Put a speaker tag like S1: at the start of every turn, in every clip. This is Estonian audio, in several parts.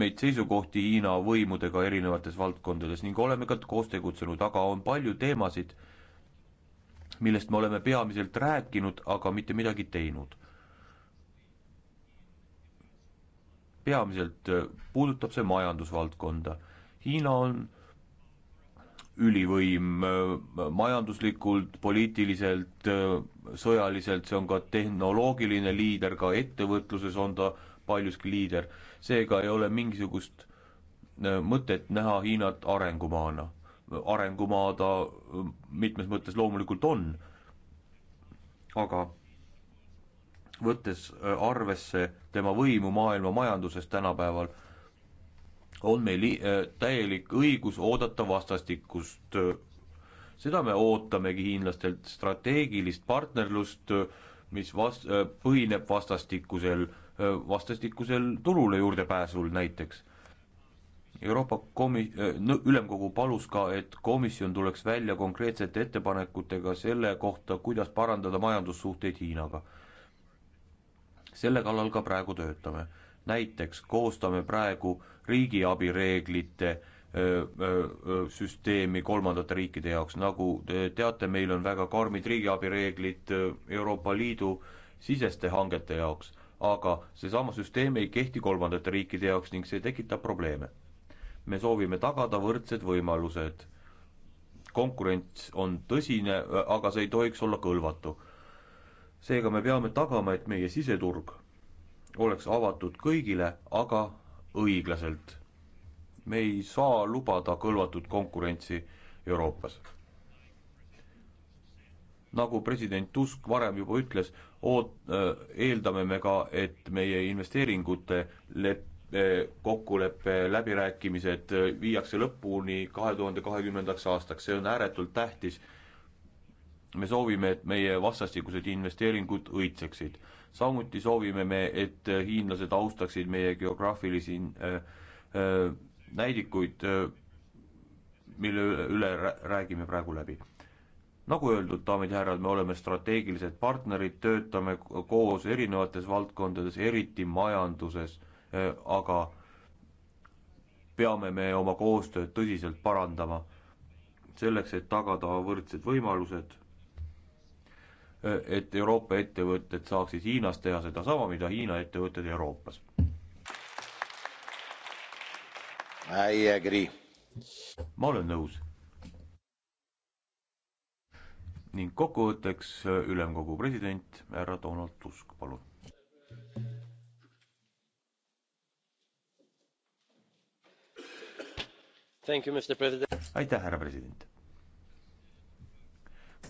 S1: meid seisukohti Hiina võimudega erinevates valdkondades ning oleme ka koos tegutsenud, aga on palju teemasid, millest me oleme peamiselt rääkinud, aga mitte midagi teinud. peamiselt äh, puudutab see majandusvaldkonda. Hiina on ülivõim äh, majanduslikult, poliitiliselt, äh, sõjaliselt, see on ka tehnoloogiline liider, ka ettevõtluses on ta paljuski liider seega ei ole mingisugust äh, mõtet näha Hiinat arengumaana. arengumaa ta äh, mitmes mõttes loomulikult on, aga võttes äh, arvesse tema võimu maailma majanduses tänapäeval, on meil täielik õigus oodata vastastikust. seda me ootamegi hiinlastelt, strateegilist partnerlust, mis vas-, põhineb vastastikusel äh, vastastikusel turule juurdepääsul näiteks. Euroopa komi-, ülemkogu palus ka, et komisjon tuleks välja konkreetsete ettepanekutega selle kohta, kuidas parandada majandussuhteid Hiinaga. selle kallal ka praegu töötame. näiteks koostame praegu riigiabireeglite süsteemi kolmandate riikide jaoks, nagu te teate, meil on väga karmid riigiabireeglid Euroopa Liidu siseste hangete jaoks aga seesama süsteem ei kehti kolmandate riikide jaoks ning see tekitab probleeme. me soovime tagada võrdsed võimalused. konkurents on tõsine, aga see ei tohiks olla kõlvatu. seega me peame tagama, et meie siseturg oleks avatud kõigile, aga õiglaselt. me ei saa lubada kõlvatut konkurentsi Euroopas nagu president Tusk varem juba ütles, oot-, äh, eeldame me ka, et meie investeeringute lep-, äh, kokkuleppe läbirääkimised äh, viiakse lõpuni kahe tuhande kahekümnendaks aastaks, see on ääretult tähtis. me soovime, et meie vastastikused investeeringud õitseksid. samuti soovime me, et hiinlased austaksid meie geograafilisi äh, äh, näidikuid äh,, mille üle räägime praegu läbi nagu öeldud, daamid ja härrad, me oleme strateegilised partnerid, töötame koos erinevates valdkondades, eriti majanduses, eh, aga peame me oma koostööd tõsiselt parandama, selleks et tagada võrdsed võimalused, eh, et Euroopa ettevõtted saaksid Hiinas teha sedasama, mida Hiina ettevõtted Euroopas. ma olen nõus ning kokkuvõtteks äh, ülemkogu president härra Donald Tusk, palun. aitäh, härra president.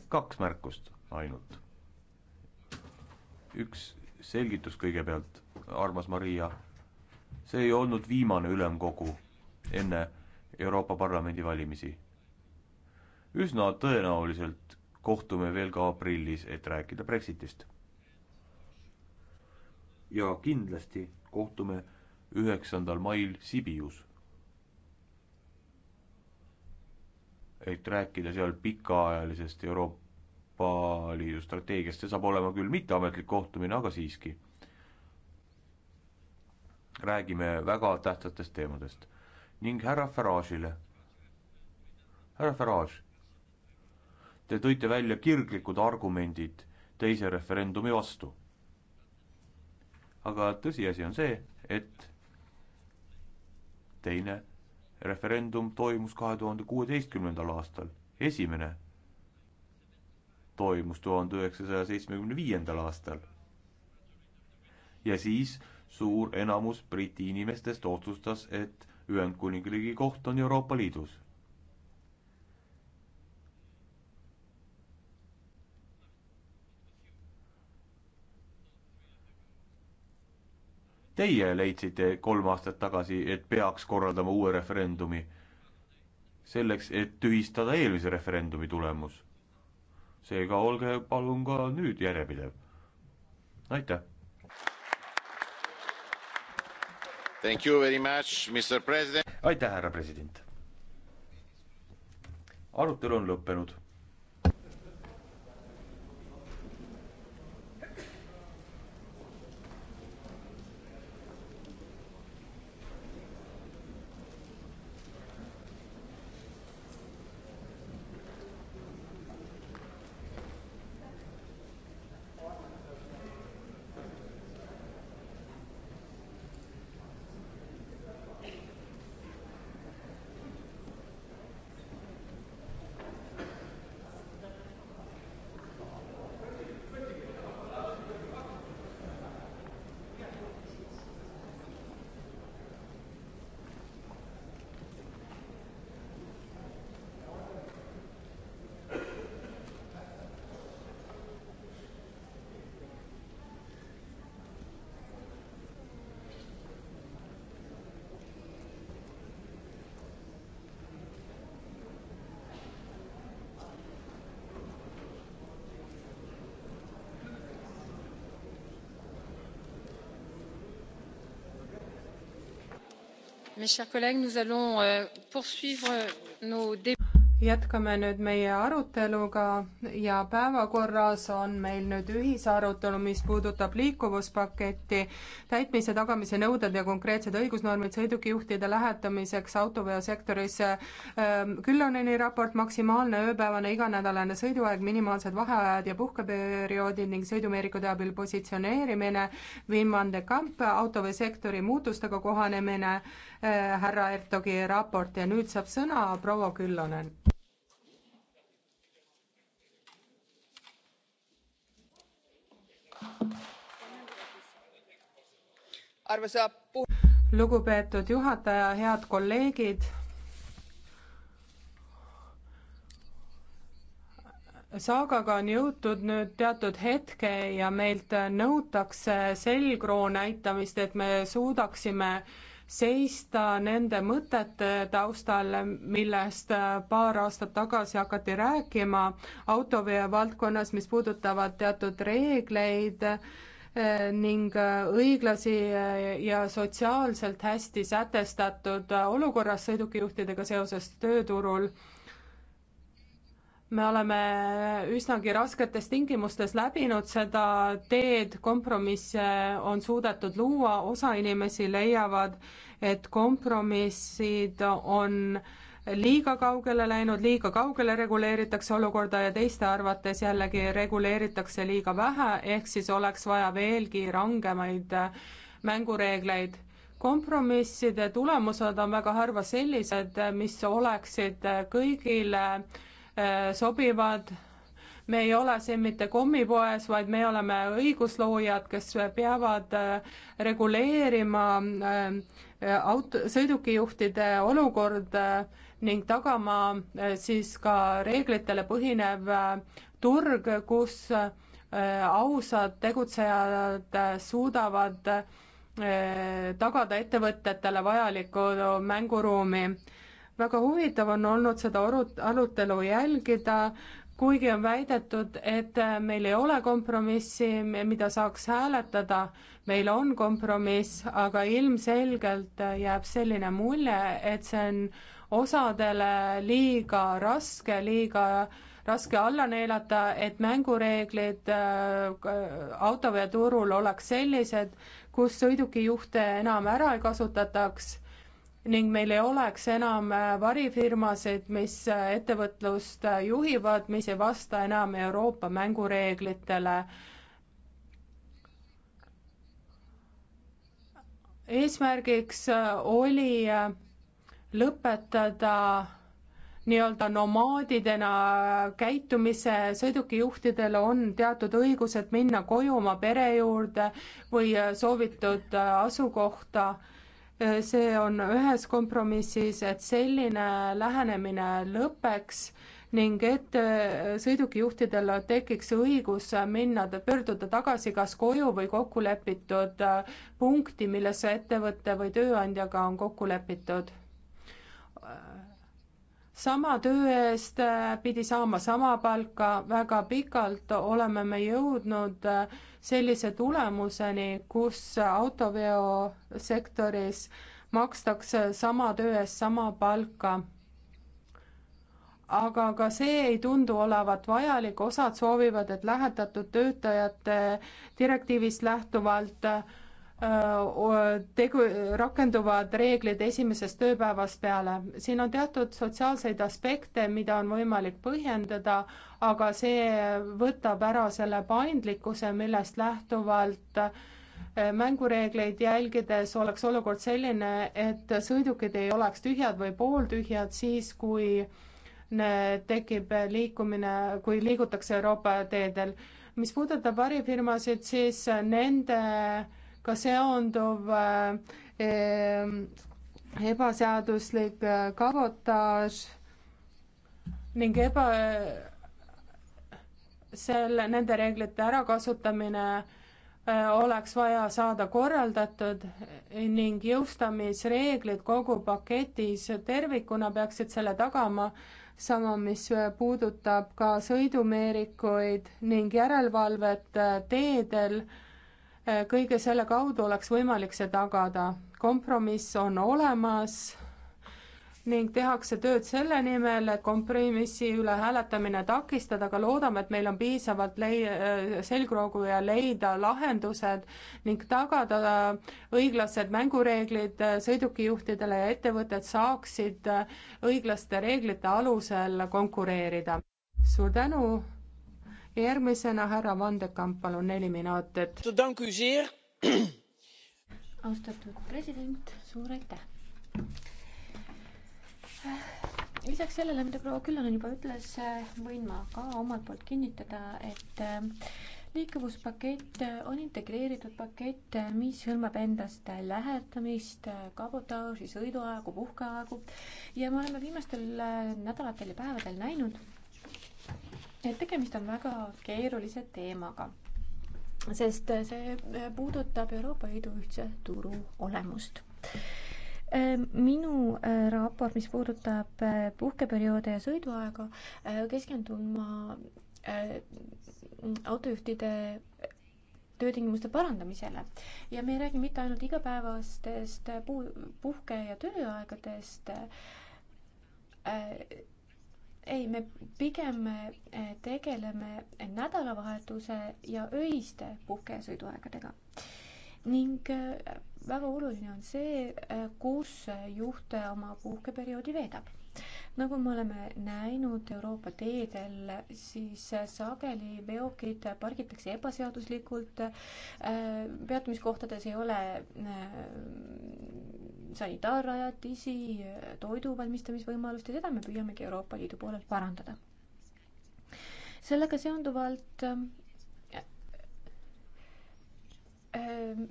S1: kaks märkust ainult. üks selgitus kõigepealt, armas Maria, see ei olnud viimane ülemkogu enne Euroopa Parlamendi valimisi. üsna tõenäoliselt kohtume veel ka aprillis, et rääkida Brexitist. ja kindlasti kohtume üheksandal mail Sibius. et rääkida seal pikaajalisest Euroopa Liidu strateegiast, see saab olema küll mitteametlik kohtumine, aga siiski. räägime väga tähtsatest teemadest ning härra Farage'ile. härra Farage Te tõite välja kirglikud argumendid teise referendumi vastu. aga tõsiasi on see, et teine referendum toimus kahe tuhande kuueteistkümnendal aastal, esimene toimus tuhande üheksasaja seitsmekümne viiendal aastal. ja siis suur enamus Briti inimestest otsustas, et Ühendkuningriigi koht on Euroopa Liidus Teie leidsite kolm aastat tagasi, et peaks korraldama uue referendumi selleks, et tühistada eelmise referendumi tulemus. seega olge palun ka nüüd järjepidev. aitäh. Thank you very much, Mr President. aitäh, härra president. arutelu on lõppenud
S2: mes chers collègues nous allons euh, poursuivre nos débats jätkame nüüd meie aruteluga ja päevakorras on meil nüüd ühisarutelu, mis puudutab liikuvuspaketti, täitmise tagamise nõuded ja konkreetsed õigusnormid sõidukijuhtide lähetamiseks autoveosektorisse. Ähm, Külloneni raport, maksimaalne ööpäevane iganädalane sõiduaeg, minimaalsed vaheajad ja puhkeperioodid ning sõidumeerikute abil positsioneerimine, Wim van de Kamp, autoveosektori muutustega kohanemine, äh, härra Ertogi raport ja nüüd saab sõna proua Küllonen lugupeetud juhataja, head kolleegid. saagaga on jõutud nüüd teatud hetke ja meilt nõutakse selgroo näitamist, et me suudaksime seista nende mõtete taustal, millest paar aastat tagasi hakati rääkima autoveo valdkonnas, mis puudutavad teatud reegleid ning äh, õiglasi äh, ja sotsiaalselt hästi sätestatud äh, olukorras sõidukijuhtidega seoses tööturul. me oleme üsnagi rasketes tingimustes läbinud seda teed, kompromisse on suudetud luua, osa inimesi leiavad, et kompromissid on äh, liiga kaugele läinud, liiga kaugele reguleeritakse olukorda ja teiste arvates jällegi reguleeritakse liiga vähe, ehk siis oleks vaja veelgi rangemaid äh, mängureegleid. kompromisside tulemused on väga harva sellised, mis oleksid äh, kõigile äh, sobivad, me ei ole siin mitte kommipoes, vaid me oleme õigusloojad, kes peavad reguleerima auto, sõidukijuhtide olukorda ning tagama äh, siis ka reeglitele põhinev äh, turg, kus äh, ausad tegutsejad suudavad tagada ettevõtetele vajalikku mänguruumi. väga huvitav on olnud seda arutelu jälgida, kuigi on väidetud, et meil ei ole kompromissi, mida saaks hääletada, meil on kompromiss, aga ilmselgelt jääb selline mulje, et see on osadele liiga raske, liiga raske alla neelata, et mängureeglid äh, autoveoturul oleks sellised, kus sõidukijuhte enam ära ei kasutataks ning meil ei oleks enam äh, varifirmasid, mis äh, ettevõtlust juhivad, mis ei vasta enam Euroopa mängureeglitele eesmärgiks oli lõpetada nii-öelda nomaadidena käitumise, sõidukijuhtidel on teatud õigused minna koju oma pere juurde või soovitud asukohta. see on ühes kompromissis, et selline lähenemine lõpeks ning et sõidukijuhtidel tekiks õigus minna, pöörduda tagasi kas koju või kokkulepitud punkti, milles ettevõte või tööandjaga on kokku lepitud sama töö eest äh, pidi saama sama palka, väga pikalt oleme me jõudnud äh, sellise tulemuseni, kus autoveosektoris makstakse sama töö eest sama palka. aga ka see ei tundu olevat vajalik, osad soovivad, et lähetatud töötajate direktiivist lähtuvalt äh, tegu, rakenduvad reeglid esimesest tööpäevast peale. siin on teatud sotsiaalseid aspekte, mida on võimalik põhjendada, aga see võtab ära selle paindlikkuse, millest lähtuvalt mängureegleid jälgides oleks olukord selline, et sõidukid ei oleks tühjad või pooltühjad siis, kui tekib liikumine, kui liigutakse Euroopa teedel. mis puudutab varifirmasid, siis nende ka seonduv eh, ebaseaduslik eh, kabotaaž ning eba, selle, nende reeglite ärakasutamine eh, oleks vaja saada korraldatud ning jõustamisreeglid kogu paketis tervikuna peaksid selle tagama, sama mis puudutab ka sõidumeerikuid ning järelevalvet teedel kõige selle kaudu oleks võimalik see tagada. kompromiss on olemas ning tehakse tööd selle nimel, et kompromissi üle hääletamine takistada, aga loodame, et meil on piisavalt lei-, selgroogu ja leida lahendused ning tagada õiglased mängureeglid sõidukijuhtidele ja ettevõtted saaksid õiglaste reeglite alusel konkureerida. suur tänu järgmisena härra Vandekamp, palun neli minutit.
S3: austatud president, suur aitäh! lisaks sellele, mida proua Küllane juba ütles, võin ma ka omalt poolt kinnitada, et äh, liikuvuspakett äh, on integreeritud pakett, äh, mis hõlmab endast lähetamist, kabotaaži, sõiduaegu, puhkeaegu ja me oleme viimastel nädalatel ja päevadel näinud, et tegemist on väga keerulise teemaga, sest see puudutab Euroopa Liidu ühtse turu olemust. Ehm, minu äh, raport, mis puudutab äh, puhkeperioode ja sõiduaega, äh, keskendun ma autojuhtide töötingimuste parandamisele ja me ei räägi mitte ainult igapäevastest puhke- ja tööaegadest äh,, ei, me pigem eh, tegeleme nädalavahetuse ja öiste puhke- ja sõiduaegadega. ning eh, väga oluline on see, eh, kus juht oma puhkeperioodi veedab nagu me oleme näinud Euroopa teedel, siis sageli veokid pargitakse ebaseaduslikult, äh, peatumiskohtades ei ole äh, sanitaarrajatisi, toidu valmistamisvõimalust ja seda me püüamegi Euroopa Liidu poolelt parandada. sellega seonduvalt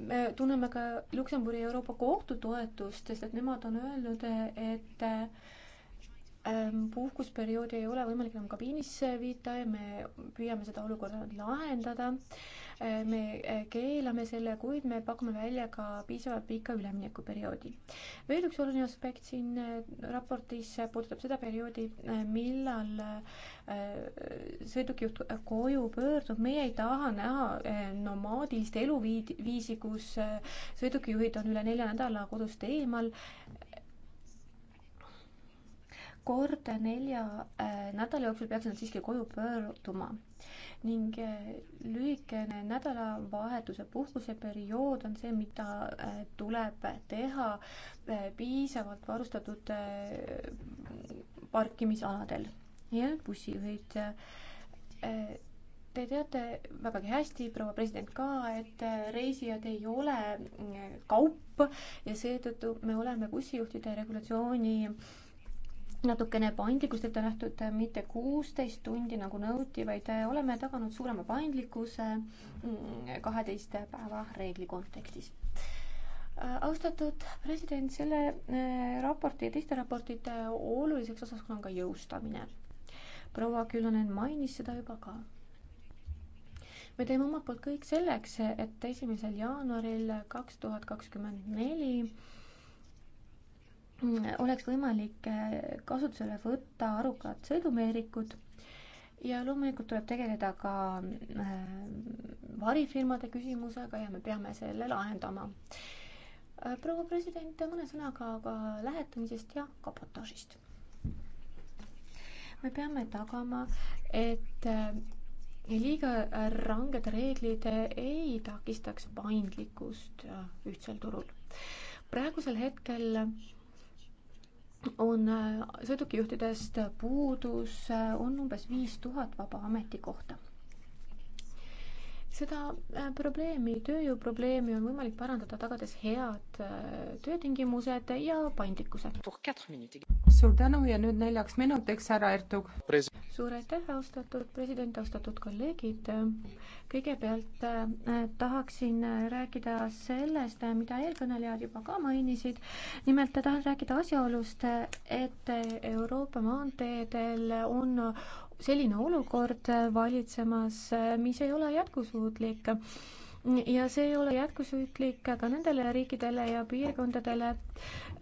S3: me äh, tunneme ka Luksemburgi Euroopa Kohtu toetust, sest et nemad on öelnud, et Ehm, puhkusperioodi ei ole võimalik enam kabiinis viita ja me püüame seda olukorda lahendada. Ehm, me eh, keelame selle, kuid me pakume välja ka piisavalt pika üleminekuperioodi. veel üks oluline aspekt siin eh, raportis puudutab seda perioodi, eh, millal sõidukijuht koju pöördub. meie ei taha näha nomaadilist eluviisi, kus sõidukijuhid on üle nelja nädala kodust eemal korda nelja äh, nädala jooksul peaks nad siiski koju pöörduma ning äh, lühikene nädalavahetuse puhkuseperiood on see, mida äh, tuleb teha piisavalt varustatud parkimisaladel ja bussijuhid. Te teate vägagi hästi, proua president ka, et reisijad ei ole kaup ja seetõttu me oleme bussijuhtide regulatsiooni äh, natukene paindlikkust ette nähtud, mitte kuusteist tundi, nagu nõuti, vaid oleme taganud suurema paindlikkuse mm, kaheteist päeva reegli kontekstis. austatud president, selle äh, raporti ja teiste raportite oluliseks osaks on ka jõustamine. proua Küllönen mainis seda juba ka me teeme omalt poolt kõik selleks, et esimesel jaanuaril kaks tuhat kakskümmend neli oleks võimalik äh, kasutusele võtta arukad sõidumeerikud ja loomulikult tuleb tegeleda ka äh, varifirmade küsimusega ja me peame selle lahendama. Äh, proua president, mõne sõnaga ka lähetamisest ja kabotaažist. me peame tagama, et liiga ranged reeglid ei takistaks paindlikkust ühtsel turul. praegusel hetkel on äh, sõidukijuhtidest puudus, äh, on umbes viis tuhat vaba ametikohta. seda äh, probleemi, tööjõuprobleemi on võimalik parandada, tagades head töötingimused ja paindlikkuse suur tänu ja nüüd neljaks minutiks härra Ertug. suur aitäh, austatud president, austatud kolleegid. kõigepealt äh, tahaksin rääkida sellest, äh, mida eelkõnelejad juba ka mainisid. nimelt tahan rääkida asjaolust, et Euroopa maanteedel on selline olukord valitsemas, mis ei ole jätkusuutlik ja see ei ole jätkusuutlik ka nendele riikidele ja piirkondadele,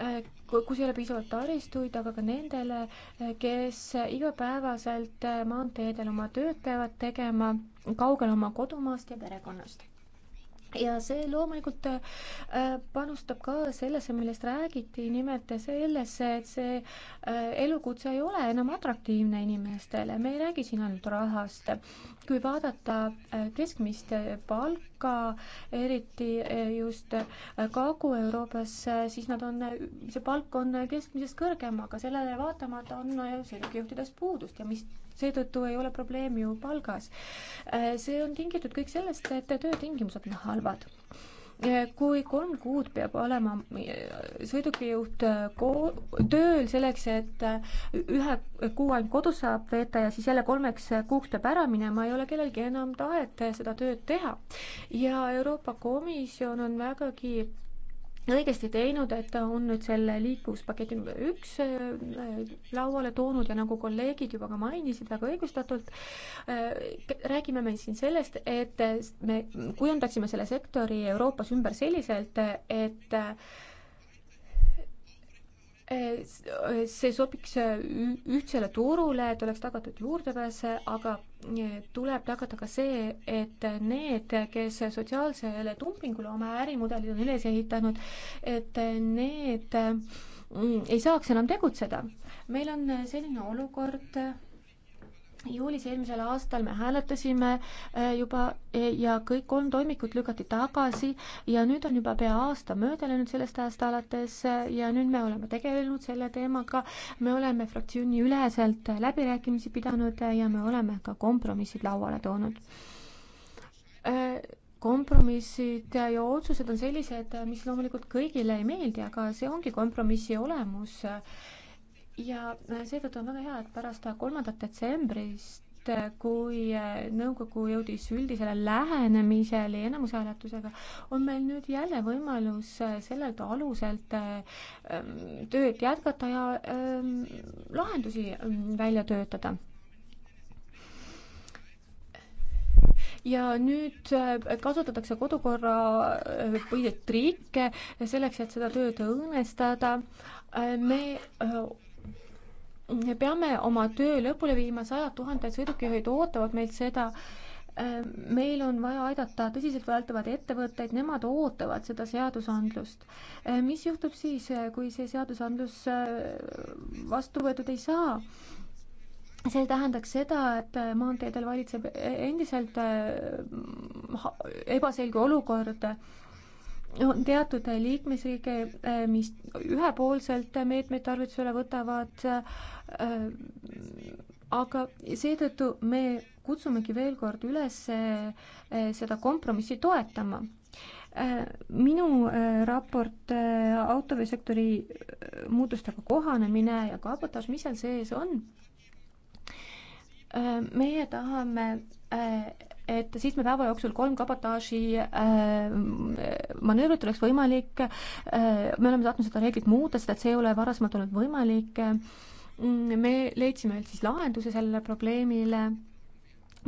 S3: äh, kus ei ole piisavalt taristuid, aga ka nendele, äh, kes igapäevaselt äh, maanteedel oma tööd peavad tegema, kaugel oma kodumaast ja perekonnast ja see loomulikult äh, panustab ka sellesse, millest räägiti, nimelt sellesse, et see äh, elukutse ei ole enam atraktiivne inimestele, me ei räägi siin ainult rahast. kui vaadata äh, keskmist palka, eriti just Kagu-Euroopas, siis nad on, see palk on keskmisest kõrgem, aga sellele vaatamata on sõidukijuhtidest puudust ja mis seetõttu ei ole probleem ju palgas. Äh, see on tingitud kõik sellest, et töötingimused on halvad äh, kui kolm kuud peab olema äh, sõidukijuht tööl selleks, et ühe kuu ainult kodus saab veeta ja siis jälle kolmeks kuuks peab ära minema, ei ole kellelgi enam tahet seda tööd teha. ja Euroopa Komisjon on vägagi õigesti teinud, et ta on nüüd selle liikuvuspaketi number üks äh, lauale toonud ja nagu kolleegid juba ka mainisid väga õigustatult, äh, räägime me siin sellest, et me kujundaksime selle sektori Euroopas ümber selliselt, et see sobiks äh, ühtsele turule, et oleks tagatud juurdepääs, aga äh, tuleb tagada ka see, et need, kes sotsiaalsele dumpingule oma ärimudelid on üles ehitanud, et need äh, ei saaks enam tegutseda. meil on selline olukord, juulis eelmisel aastal me hääletasime äh, juba e, ja kõik kolm toimikut lükati tagasi ja nüüd on juba pea aasta mööda läinud sellest ajast alates äh, ja nüüd me oleme tegelenud selle teemaga, me oleme fraktsiooni üleselt läbirääkimisi pidanud äh, ja me oleme ka kompromissid lauale toonud kompromissid ja otsused on sellised, mis loomulikult kõigile ei meeldi, aga see ongi kompromissi olemus ja äh, seetõttu on väga hea, et pärast kolmandat detsembrist äh, kui äh, nõukogu jõudis üldisele lähenemisele enamushääletusega, on meil nüüd jälle võimalus sellelt aluselt ähm, tööd jätkata ja ähm, lahendusi ähm, välja töötada. ja nüüd kasutatakse kodukorra põhiseid trikke selleks, et seda tööd õõnestada. me me peame oma töö lõpule viima, sajad tuhanded sõidukijuhid ootavad meilt seda. Äh, meil on vaja aidata tõsiseltvõetavaid ettevõtteid, nemad ootavad seda seadusandlust. Äh, mis juhtub siis, kui see seadusandlus äh, vastu võetud ei saa? see tähendaks seda, et maanteedel valitseb endiselt ebaselge olukord on teatud liikmesriike, eh, mis ühepoolselt meetmeid tarvitusele võtavad, eh, aga seetõttu me kutsumegi veel kord üles eh, seda kompromissi toetama. minu raport autoveosektori muutustega kohanemine ja kabotaaž, mis seal sees on? meie tahame et seitsme päeva jooksul kolm kabotaaži äh, manöövrit oleks võimalik äh,, me oleme tahtnud seda reeglit muuta, sest et see ei ole varasemalt olnud võimalik äh,, me leidsime siis lahenduse sellele probleemile,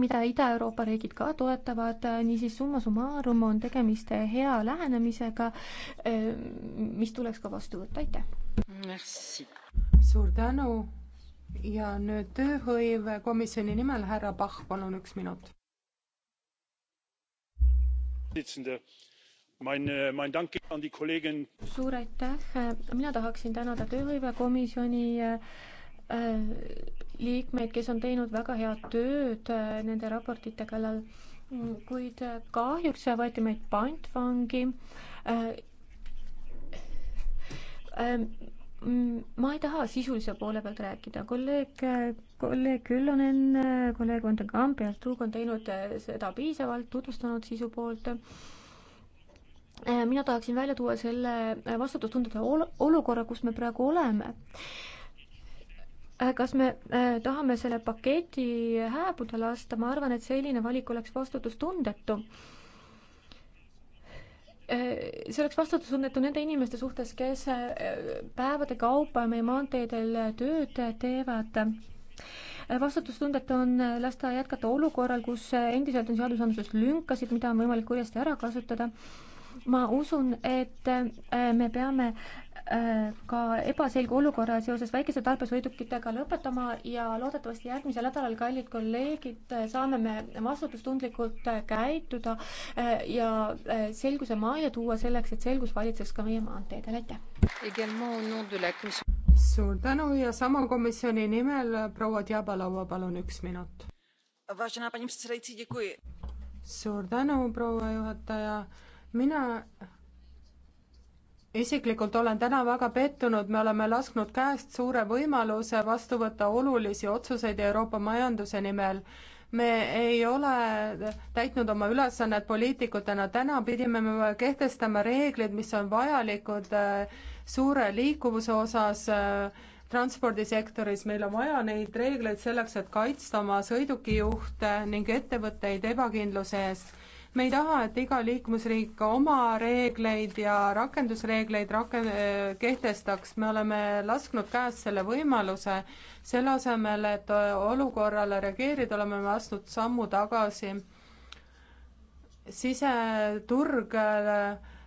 S3: mida Ida-Euroopa riigid ka toetavad, niisiis summa summarum on tegemist hea lähenemisega äh,, mis tuleks ka vastu võtta, aitäh!
S2: suur tänu! ja nüüd tööhõivekomisjoni nimel
S3: härra Pahv, palun üks minut. Äh, suur aitäh, mina tahaksin tänada tööhõivekomisjoni äh, äh, liikmeid, kes on teinud väga head tööd nende raportite kallal, kuid kahjuks võeti meid pantvangi Mm, ma ei taha sisulise poole pealt rääkida, kolleeg, kolleeg Küllonen, kolleeg Vanden Kamp ja Strug on teinud eh, seda piisavalt, tutvustanud sisu poolt. Eh, mina tahaksin välja tuua selle eh, vastutustundetu ol-, olukorra, kus me praegu oleme. kas me tahame selle paketi hääbuda lasta, ma arvan, et selline valik oleks vastutustundetu Äh, see oleks vastutustundetu nende inimeste suhtes, kes äh, päevade kaupa meie maanteedel tööd teevad. Äh, vastutustundetu on lasta jätkata olukorral, kus endiselt on seadusandluses lünkasid, mida on võimalik kurjasti ära kasutada ma usun, et äh, me peame äh, ka ebaselge olukorra seoses väikese tarbesõidukitega lõpetama ja loodetavasti järgmisel nädalal, kallid kolleegid, saame me vastutustundlikult äh, käituda ja selguse majja tuua selleks, et selgus valitseks ka meie maanteedel,
S4: aitäh!
S2: suur tänu ja sama komisjoni nimel proua Diabalova, palun üks minut. suur tänu, proua juhataja mina isiklikult olen täna väga pettunud, me oleme lasknud käest suure võimaluse vastu võtta olulisi otsuseid Euroopa majanduse nimel. me ei ole täitnud oma ülesannet poliitikutena, täna pidime me kehtestama reeglid, mis on vajalikud äh, suure liikuvuse osas äh, transpordisektoris, meil on vaja neid reegleid selleks, et kaitsta oma sõidukijuhte ning ettevõtteid ebakindluse eest me ei taha, et iga liikmesriik oma reegleid ja rakendusreegleid raken-, kehtestaks, me oleme lasknud käest selle võimaluse, selle asemel, et olukorrale reageerida, oleme me astunud sammu tagasi. siseturg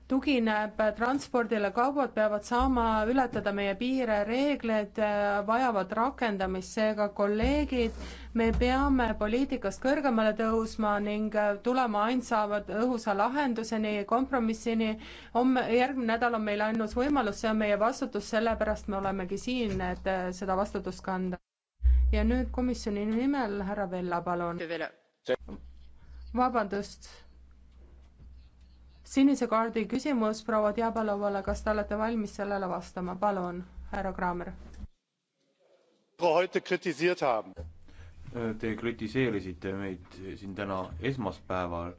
S2: tugineb transpordile, kaubad peavad saama ületada meie piire, reegleid äh, vajavad rakendamist, seega kolleegid, me peame poliitikast kõrgemale tõusma ning äh, tulema ainsa õhusa lahenduseni, kompromissini. homme, järgmine nädal on meil ainus võimalus, see on meie vastutus, sellepärast me olemegi siin, et äh, seda vastutust kanda. ja nüüd komisjoni nimel härra Vella, palun. vabandust sinise kaardi küsimus proua Diabalovale, kas te olete valmis sellele vastama, palun, härra Kraamer.
S1: Te kritiseerisite meid siin täna esmaspäeval,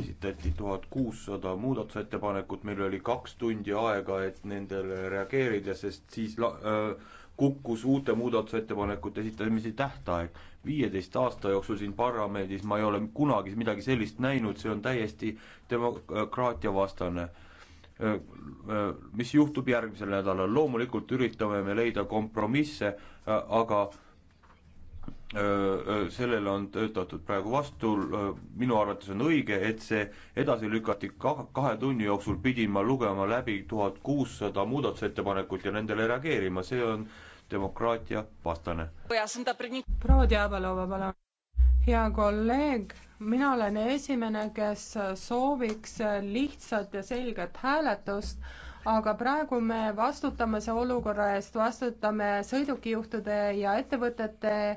S1: esitati tuhat kuussada muudatusettepanekut, meil oli kaks tundi aega, et nendele reageerida, sest siis la-, öö, äh, kukkus uute muudatusettepanekute esitamise tähtaeg. viieteist aasta jooksul siin parlamendis ma ei ole kunagi midagi sellist näinud, see on täiesti demokraatia vastane. mis juhtub järgmisel nädalal, loomulikult üritame me leida kompromisse, aga sellele on töötatud praegu vastu, minu arvates on õige, et see edasi lükati ka kahe tunni jooksul, pidin ma lugema läbi tuhat kuussada muudatusettepanekut ja nendele reageerima, see on demokraatia vastane. proua Diabalova, palun.
S2: hea kolleeg, mina olen esimene, kes sooviks lihtsat ja selget hääletust aga praegu me vastutame selle olukorra eest, vastutame sõidukijuhtide ja ettevõtete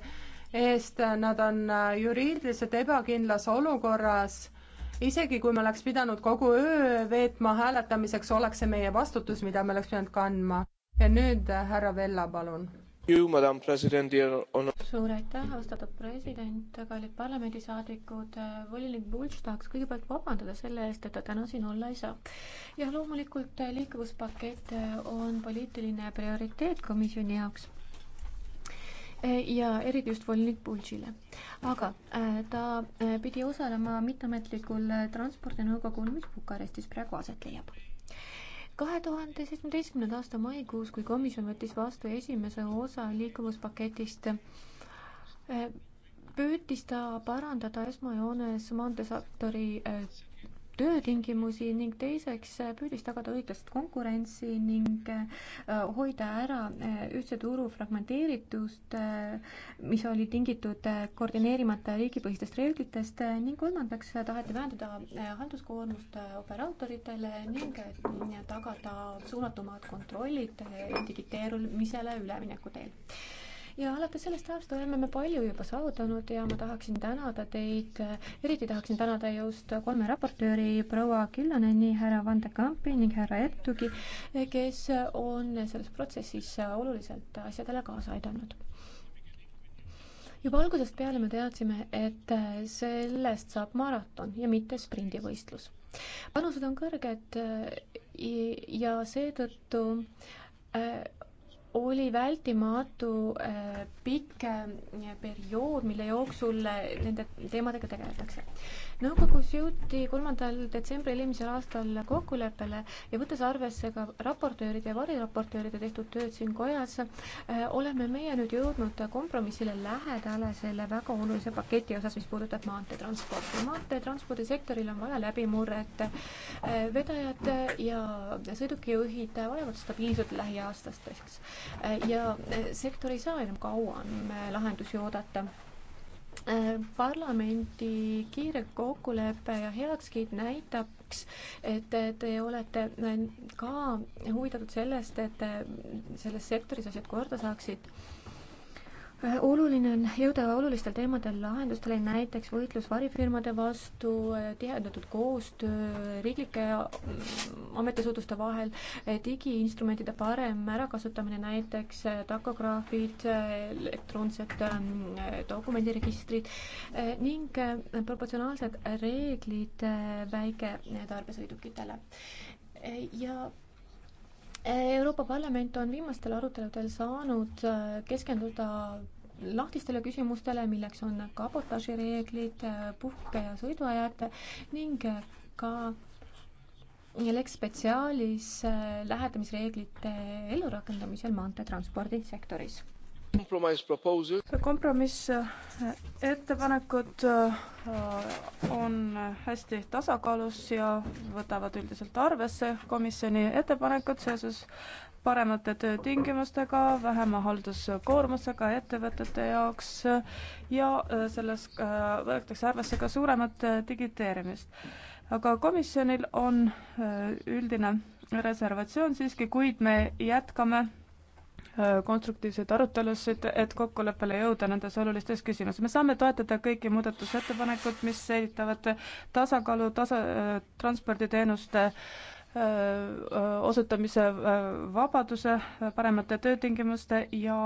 S2: eest, nad on juriidiliselt ebakindlas olukorras isegi kui me oleks pidanud kogu öö veetma hääletamiseks, oleks see meie vastutus, mida me oleks pidanud kandma. ja nüüd
S3: härra Vella, palun. suur aitäh, austatud president, kallid parlamendisaadikud, volinik Bulš tahaks kõigepealt vabandada selle eest, et ta täna siin olla ei saa. jah, loomulikult liikuvuspakett on poliitiline prioriteet komisjoni jaoks ja eriti just volinik Bultšile. aga äh, ta äh, pidi osalema mitteametlikul äh, transpordinõukogul, mis Bukarestis praegu aset leiab kahe tuhande seitsmeteistkümnenda aasta maikuus, kui komisjon võttis vastu esimese osa liikuvuspaketist, püüdis ta parandada esmajoones maanteesektori töötingimusi ning teiseks eh, püüdis tagada õiglast konkurentsi ning eh, hoida ära eh, ühtse turu fragmenteeritust, mis oli tingitud koordineerimata riigipõhistest reeglitest ning kolmandaks taheti vähendada halduskoormust operaatoritele ning tagada suunatumad kontrollid digiteerumisele ülemineku teel ja alates sellest ajast oleme me palju juba saavutanud ja ma tahaksin tänada teid, eriti tahaksin tänada just kolme raportööri, proua Killaneni, härra Van de Kampi ning härra Ertugi, kes on selles protsessis oluliselt asjadele kaasa aidanud juba algusest peale me teadsime, et sellest saab maraton ja mitte sprindivõistlus. panused on kõrged ja seetõttu äh, oli vältimatu äh, pikk äh, periood, mille jooksul äh, nende teemadega tegeletakse. nõukogus jõuti kolmandal detsembril eelmisel aastal kokkuleppele ja võttes arvesse ka raportööride ja variraportööride tehtud tööd siin kojas, oleme meie nüüd jõudnud kompromissile lähedale selle väga olulise paketi osas, mis puudutab maanteetransporti. maanteetranspordisektoril on vaja läbimurret, vedajad ja sõidukijuhid vajavad stabiilsust lähiaastateks Äh, ja äh, sektor ei saa enam kauem äh, lahendusi oodata parlamendi kiire kokkulepe ja heakskiit näitaks, et te olete ka huvitatud sellest, et selles sektoris asjad korda saaksid Äh, oluline on jõuda olulistel teemadel lahendustele, näiteks võitlus varifirmade vastu, äh, tihendatud koostöö riiklike äh, ametiasutuste vahel, digiinstrumentide parem ärakasutamine, näiteks takograafid, elektroonsed ähm, dokumendiregistrid ning proportsionaalsed reeglid väiketarbesõidukitele. ja Euroopa Parlament on viimastel aruteludel saanud äh, keskenduda lahtistele küsimustele, milleks on kabotaažireeglid, äh, puhke- ja sõiduajad ning äh, ka Lex Specialis lähetamisreeglite ellurakendamisel
S5: maanteetranspordi sektoris kompromissettepanekud äh, on hästi tasakaalus ja võtavad üldiselt arvesse komisjoni ettepanekut seoses paremate töötingimustega, vähema halduskoormusega ettevõtete jaoks ja äh, selles äh, võetakse arvesse ka suuremat digiteerimist. aga komisjonil on üldine reservatsioon siiski, kuid me jätkame konstruktiivseid arutelusid, et kokkuleppele jõuda nendes olulistes küsimustes. me saame toetada kõiki muudatusettepanekuid, mis säilitavad tasakaalu tasa, transporditeenuste osutamise vabaduse, paremate töötingimuste ja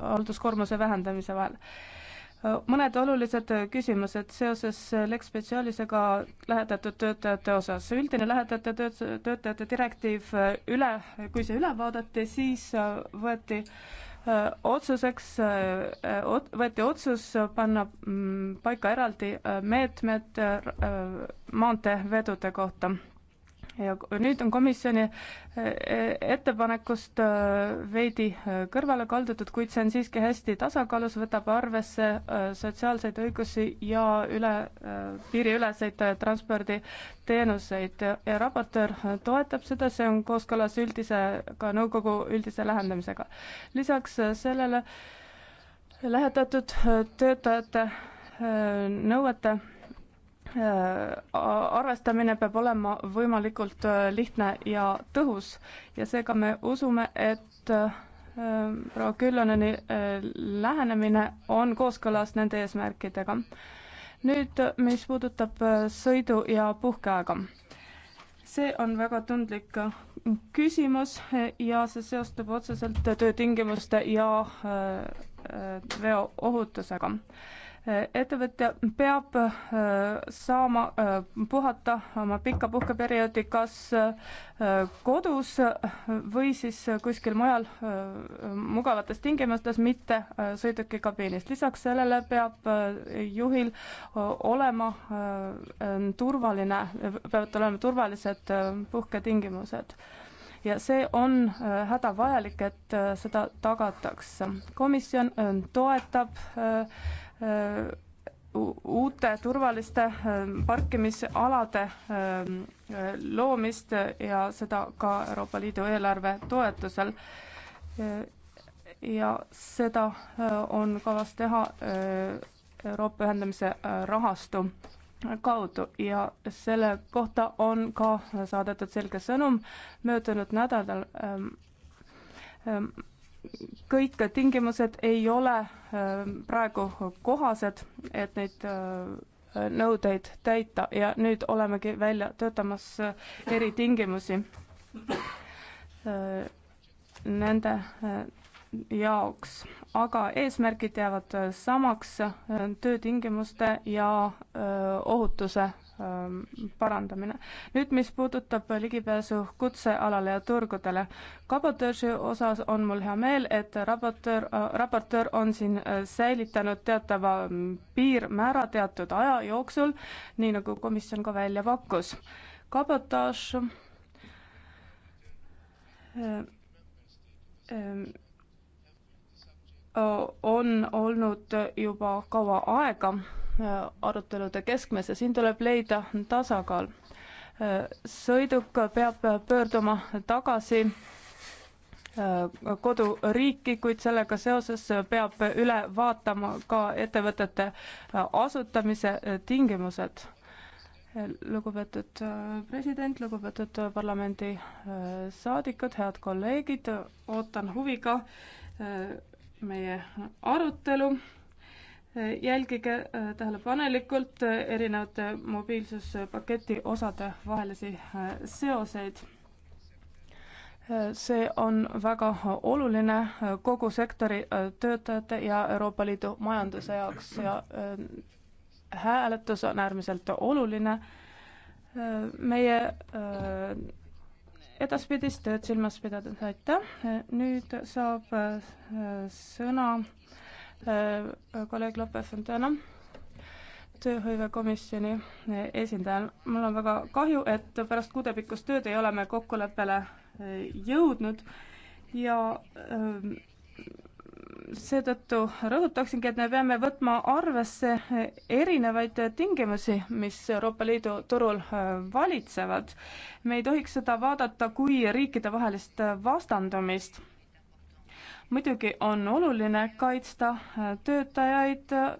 S5: halduskoormuse vähendamise vahel mõned olulised küsimused seoses Lex Specialisega lähetatud töötajate osas. üldine lähetajate tööt-, töötajate direktiiv üle, kui see üle vaadati, siis võeti otsuseks, võeti otsus panna mm, paika eraldi meetmed maanteevedude kohta ja nüüd on komisjoni e, e, ettepanekust e, veidi kõrvale kaldutud, kuid see on siiski hästi tasakaalus, võtab arvesse sotsiaalseid õigusi ja üle, piiriüleseid transporditeenuseid ja raportöör toetab seda, see on kooskõlas üldise, ka nõukogu üldise lähenemisega. lisaks sellele lähetatud töötajate nõuete Äh, arvestamine peab olema võimalikult äh, lihtne ja tõhus ja seega me usume, et äh, proua Külloneni lähenemine on kooskõlas nende eesmärkidega. nüüd, mis puudutab sõidu ja puhkeaega. see on väga tundlik küsimus ja see seostub otseselt töötingimuste ja veoohutusega ettevõtja peab äh, saama äh, puhata oma pika puhkeperioodi kas äh, kodus või siis kuskil mujal mugavates tingimustes, mitte sõiduki kabiinis. lisaks sellele peab juhil olema turvaline, peavad tal olema turvalised puhketingimused ja see on hädavajalik, et seda tagatakse. komisjon toetab äh, uute turvaliste parkimisalade loomist ja seda ka Euroopa Liidu eelarve toetusel. ja seda on kavas teha Euroopa ühendamise rahastu kaudu ja selle kohta on ka saadetud selge sõnum möödunud nädalal ähm, ähm, kõik tingimused ei ole äh, praegu kohased, et neid äh, nõudeid täita ja nüüd olemegi välja töötamas äh, eritingimusi nende jaoks, aga eesmärgid jäävad samaks töötingimuste ja ohutuse Ähm, parandamine. nüüd, mis puudutab ligipääsu kutsealale ja turgudele. kabotaaži osas on mul hea meel, et raportöör, äh, raportöör on siin äh, säilitanud teatava mm, piirmäära teatud aja jooksul, nii nagu komisjon ka välja pakkus. kabotaaž äh, ähm, on olnud juba kaua aega arutelude keskmes ja siin tuleb leida tasakaal. sõiduk peab pöörduma tagasi äh, koduriiki, kuid sellega seoses peab üle vaatama ka ettevõtete äh, asutamise äh, tingimused. lugupeetud president, lugupeetud parlamendi saadikud, head kolleegid, ootan huviga meie arutelu jälgige äh, tähelepanelikult äh, erinevate mobiilsuspaketi osade vahelisi äh, seoseid. see on väga oluline kogu sektori töötajate ja Euroopa Liidu majanduse jaoks ja hääletus on äärmiselt oluline meie edaspidist tööd silmas pidades, aitäh. nüüd saab sõna Äh, kolleeg Lope Fontana, tööhõivekomisjoni esindajal. mul on väga kahju, et pärast kuudepikkust tööd ei ole me kokkuleppele äh, jõudnud ja äh, seetõttu rõhutaksingi, et me peame võtma arvesse erinevaid tingimusi, mis Euroopa Liidu turul valitsevad. me ei tohiks seda vaadata kui riikidevahelist vastandumist muidugi on oluline kaitsta äh, töötajaid, äh,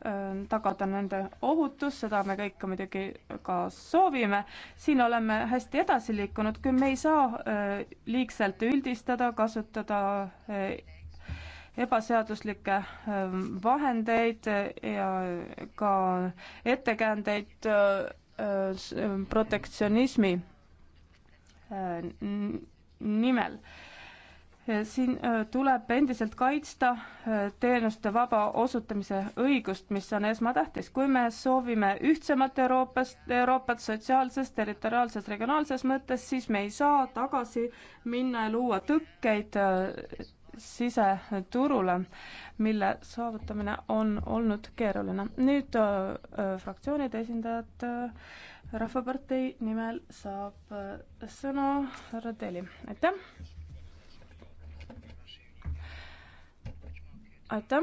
S5: tagada nende ohutus, seda me kõik muidugi ka soovime. siin oleme hästi edasi liikunud, küll me ei saa äh, liigselt üldistada, kasutada ebaseaduslikke vahendeid ja ka ettekäändeid protektsionismi nimel siin äh, tuleb endiselt kaitsta äh, teenuste vaba osutamise õigust, mis on esmatähtis. kui me soovime ühtsemat Euroopast, Euroopat sotsiaalses, territoriaalses, regionaalses mõttes, siis me ei saa tagasi minna ja luua tõkkeid äh, siseturule, mille saavutamine on olnud keeruline. nüüd äh, fraktsioonide esindajad äh, Rahvapartei nimel saab äh, sõna härra Teli, aitäh! aitäh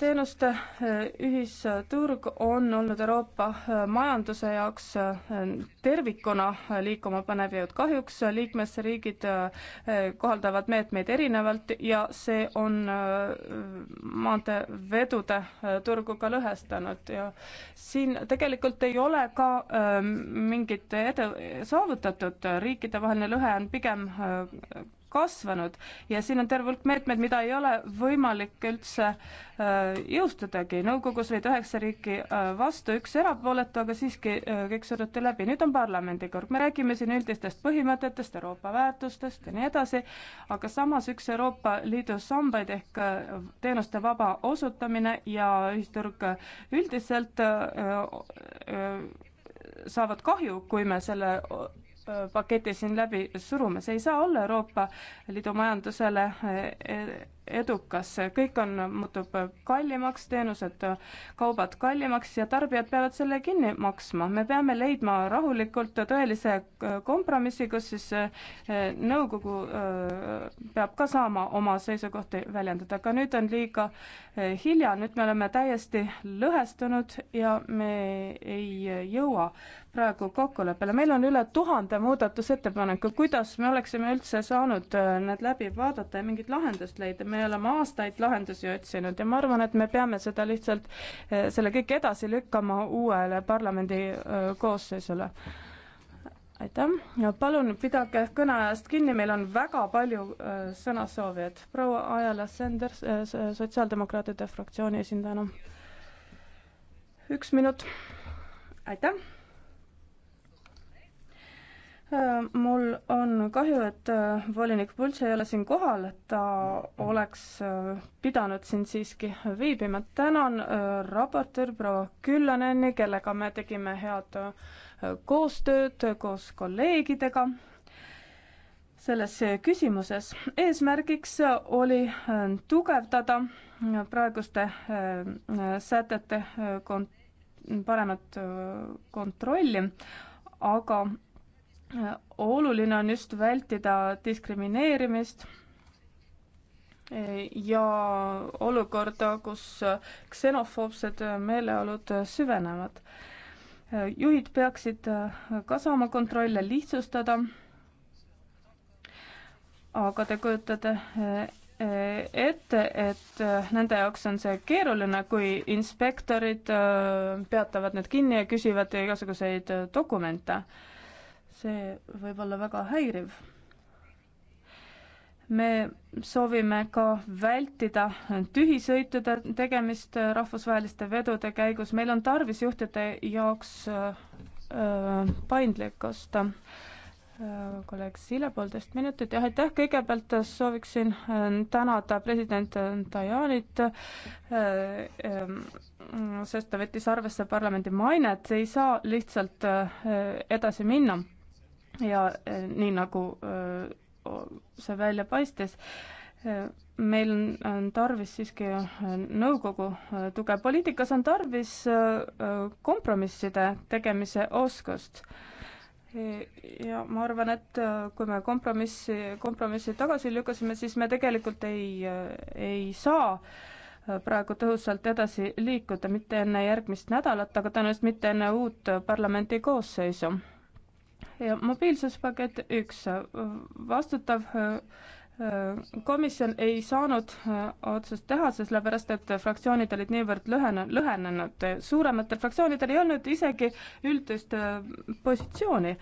S5: teenuste e, ühisturg on olnud Euroopa e, majanduse jaoks e, tervikuna liikuma panev jõud. kahjuks liikmesriigid kohaldavad meetmeid erinevalt ja see on maanteevedude turgu ka lõhestanud ja siin tegelikult ei ole ka mingit edu saavutatud, riikidevaheline lõhe on pigem kasvanud ja siin on terve hulk meetmeid, mida ei ole võimalik üldse äh, jõustadagi. nõukogus olid üheksa riiki äh, vastu, üks erapooletu, aga siiski äh, kõik suruti läbi. nüüd on parlamendi kord, me räägime siin üldistest põhimõtetest, Euroopa väärtustest ja nii edasi, aga samas üks Euroopa Liidu sambaid ehk teenuste vaba osutamine ja ühisturg üldiselt saavad kahju, kui me selle paketi siin läbi surume, see ei saa olla Euroopa Liidu majandusele eh, edukas, kõik on, muutub kallimaks, teenused, kaubad kallimaks ja tarbijad peavad selle kinni maksma. me peame leidma rahulikult tõelise kompromissi, kus siis eh, nõukogu eh, peab ka saama oma seisukohti väljendada, aga nüüd on liiga eh, hilja, nüüd me oleme täiesti lõhestunud ja me ei jõua praegu kokkuleppele. meil on üle tuhande muudatusettepaneku, kuidas me oleksime üldse saanud need läbi vaadata ja mingit lahendust leida? me oleme aastaid lahendusi otsinud ja ma arvan, et me peame seda lihtsalt, eh, selle kõik edasi lükkama uuele parlamendi eh, koosseisule. aitäh, palun pidage kõneajast kinni, meil on väga palju eh, sõnasoovijaid. proua Ajala Senders, Sotsiaaldemokraatide fraktsiooni esindajana. üks minut, aitäh mul on kahju, et äh, volinik Pults ei ole siin kohal, ta oleks äh, pidanud siin siiski viibima. tänan äh, raportöör proua Küllaneni, kellega me tegime head koostööd koos kolleegidega selles küsimuses. eesmärgiks oli tugevdada praeguste sätete kont-, paremat kontrolli, aga oluline on just vältida diskrimineerimist ja olukorda, kus ksenofoobsed meeleolud süvenevad. juhid peaksid ka saama kontrolle lihtsustada, aga te kujutate e, ette, et nende jaoks on see keeruline, kui inspektorid e, peatavad need kinni ja küsivad igasuguseid dokumente see võib olla väga häiriv. me soovime ka vältida tühisõitude tegemist rahvusvaheliste vedude käigus, meil on tarvis juhtide jaoks äh, paindlikkust. Äh, kolleeg Sille poolteist minutit, jah, aitäh, kõigepealt sooviksin äh, tänada president Tajanit, sest ta võttis arvesse parlamendi mainet, ei saa lihtsalt edasi minna ja eh, nii, nagu eh, see välja paistis, eh, meil on, on tarvis siiski nõukogu tuge. poliitikas on tarvis kompromisside tegemise oskust. ja ma arvan, et kui me kompromissi, kompromissi tagasi lükkasime, siis me tegelikult ei, ei saa praegu tõhusalt edasi liikuda, mitte enne järgmist nädalat, aga tõenäoliselt mitte enne uut parlamendi koosseisu ja mobiilsuspakett üks, vastutav äh, äh, komisjon ei saanud äh, otsust teha, sellepärast et fraktsioonid olid niivõrd lõhena, lõhenenud, suurematel fraktsioonidel ei olnud isegi üldist positsiooni,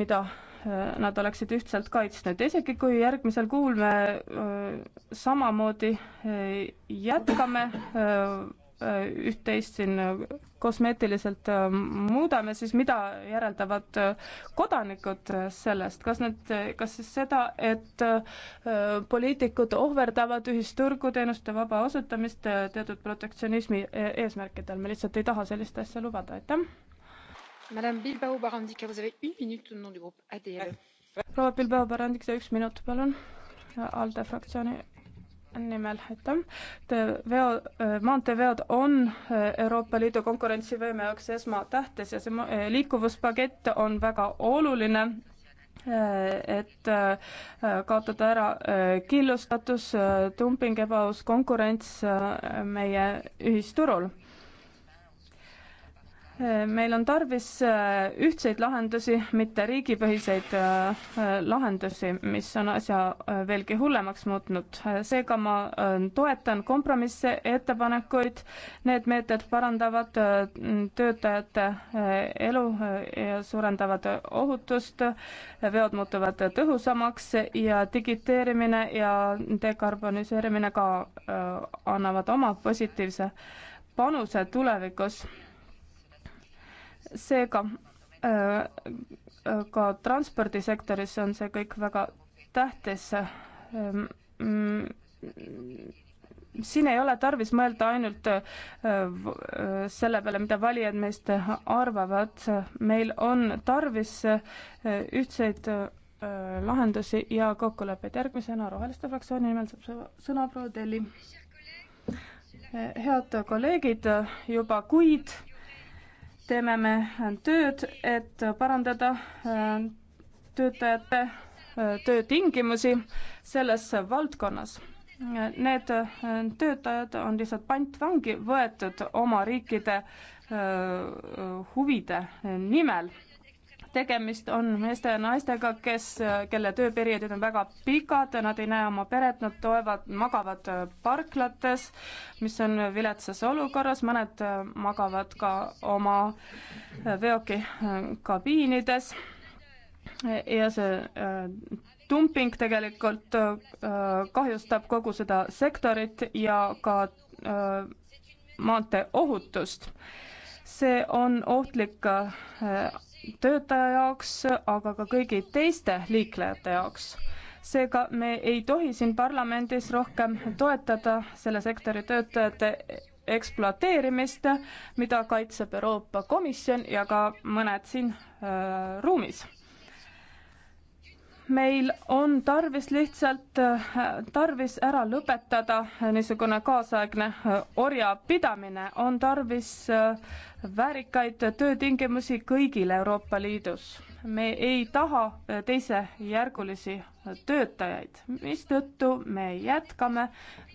S5: mida nad oleksid ühtselt kaitsnud, isegi kui järgmisel kuul me samamoodi jätkame Äh, üht-teist siin äh, kosmeetiliselt äh, muudame, siis mida järeldavad kodanikud sellest, kas need, kas siis seda, et poliitikud ohverdavad ühisturgu, teenuste vaba osutamist teatud protektsionismi eesmärkidel, me lihtsalt ei taha sellist asja lubada, aitäh. E. proua Bilbao Barandica, üks minut, palun, ALDE fraktsiooni nimel, aitäh. veo, äh, maanteeveod on äh, Euroopa Liidu konkurentsivõime jaoks esmatähtis ja see äh, liikuvuspakett on väga oluline et kaotada ära killustatus, dumping, ebaaus konkurents meie ühisturul meil on tarvis äh, ühtseid lahendusi, mitte riigipõhiseid äh, lahendusi, mis on asja äh, veelgi hullemaks muutnud. seega ma toetan kompromisse, ettepanekuid. Need meetmed parandavad töötajate elu ja suurendavad ohutust. veod muutuvad tõhusamaks ja digiteerimine ja dekarboniseerimine ka annavad oma positiivse panuse tulevikus seega äh, äh, ka transpordisektoris on see kõik väga tähtis. Ähm, mm, siin ei ole tarvis mõelda ainult äh, selle peale, mida valijad meist arvavad, meil on tarvis ühtseid lahendusi ja kokkuleppeid. järgmisena Roheliste fraktsiooni nimel saab sõna proua Telli. head kolleegid, juba kuid teeme me tööd, et parandada äh, töötajate äh, töötingimusi selles valdkonnas. Need äh, töötajad on lihtsalt pantvangi võetud oma riikide huvide nimel tegemist on meeste ja naistega, kes, kelle tööperioodid on väga pikad, nad ei näe oma peret, nad toevad, magavad parklates, mis on viletsas olukorras, mõned magavad ka oma veoki kabiinides ja see äh, dumping tegelikult äh, kahjustab kogu seda sektorit ja ka äh, maanteeohutust see on ohtlik töötaja jaoks, aga ka kõigi teiste liiklejate jaoks. seega me ei tohi siin parlamendis rohkem toetada selle sektori töötajate ekspluateerimist, mida kaitseb Euroopa Komisjon ja ka mõned siin äh, ruumis meil on tarvis lihtsalt, äh, tarvis ära lõpetada niisugune kaasaegne äh, orjapidamine, on tarvis äh, väärikaid töötingimusi kõigil Euroopa Liidus me ei taha äh, teisejärgulisi töötajaid, mistõttu me jätkame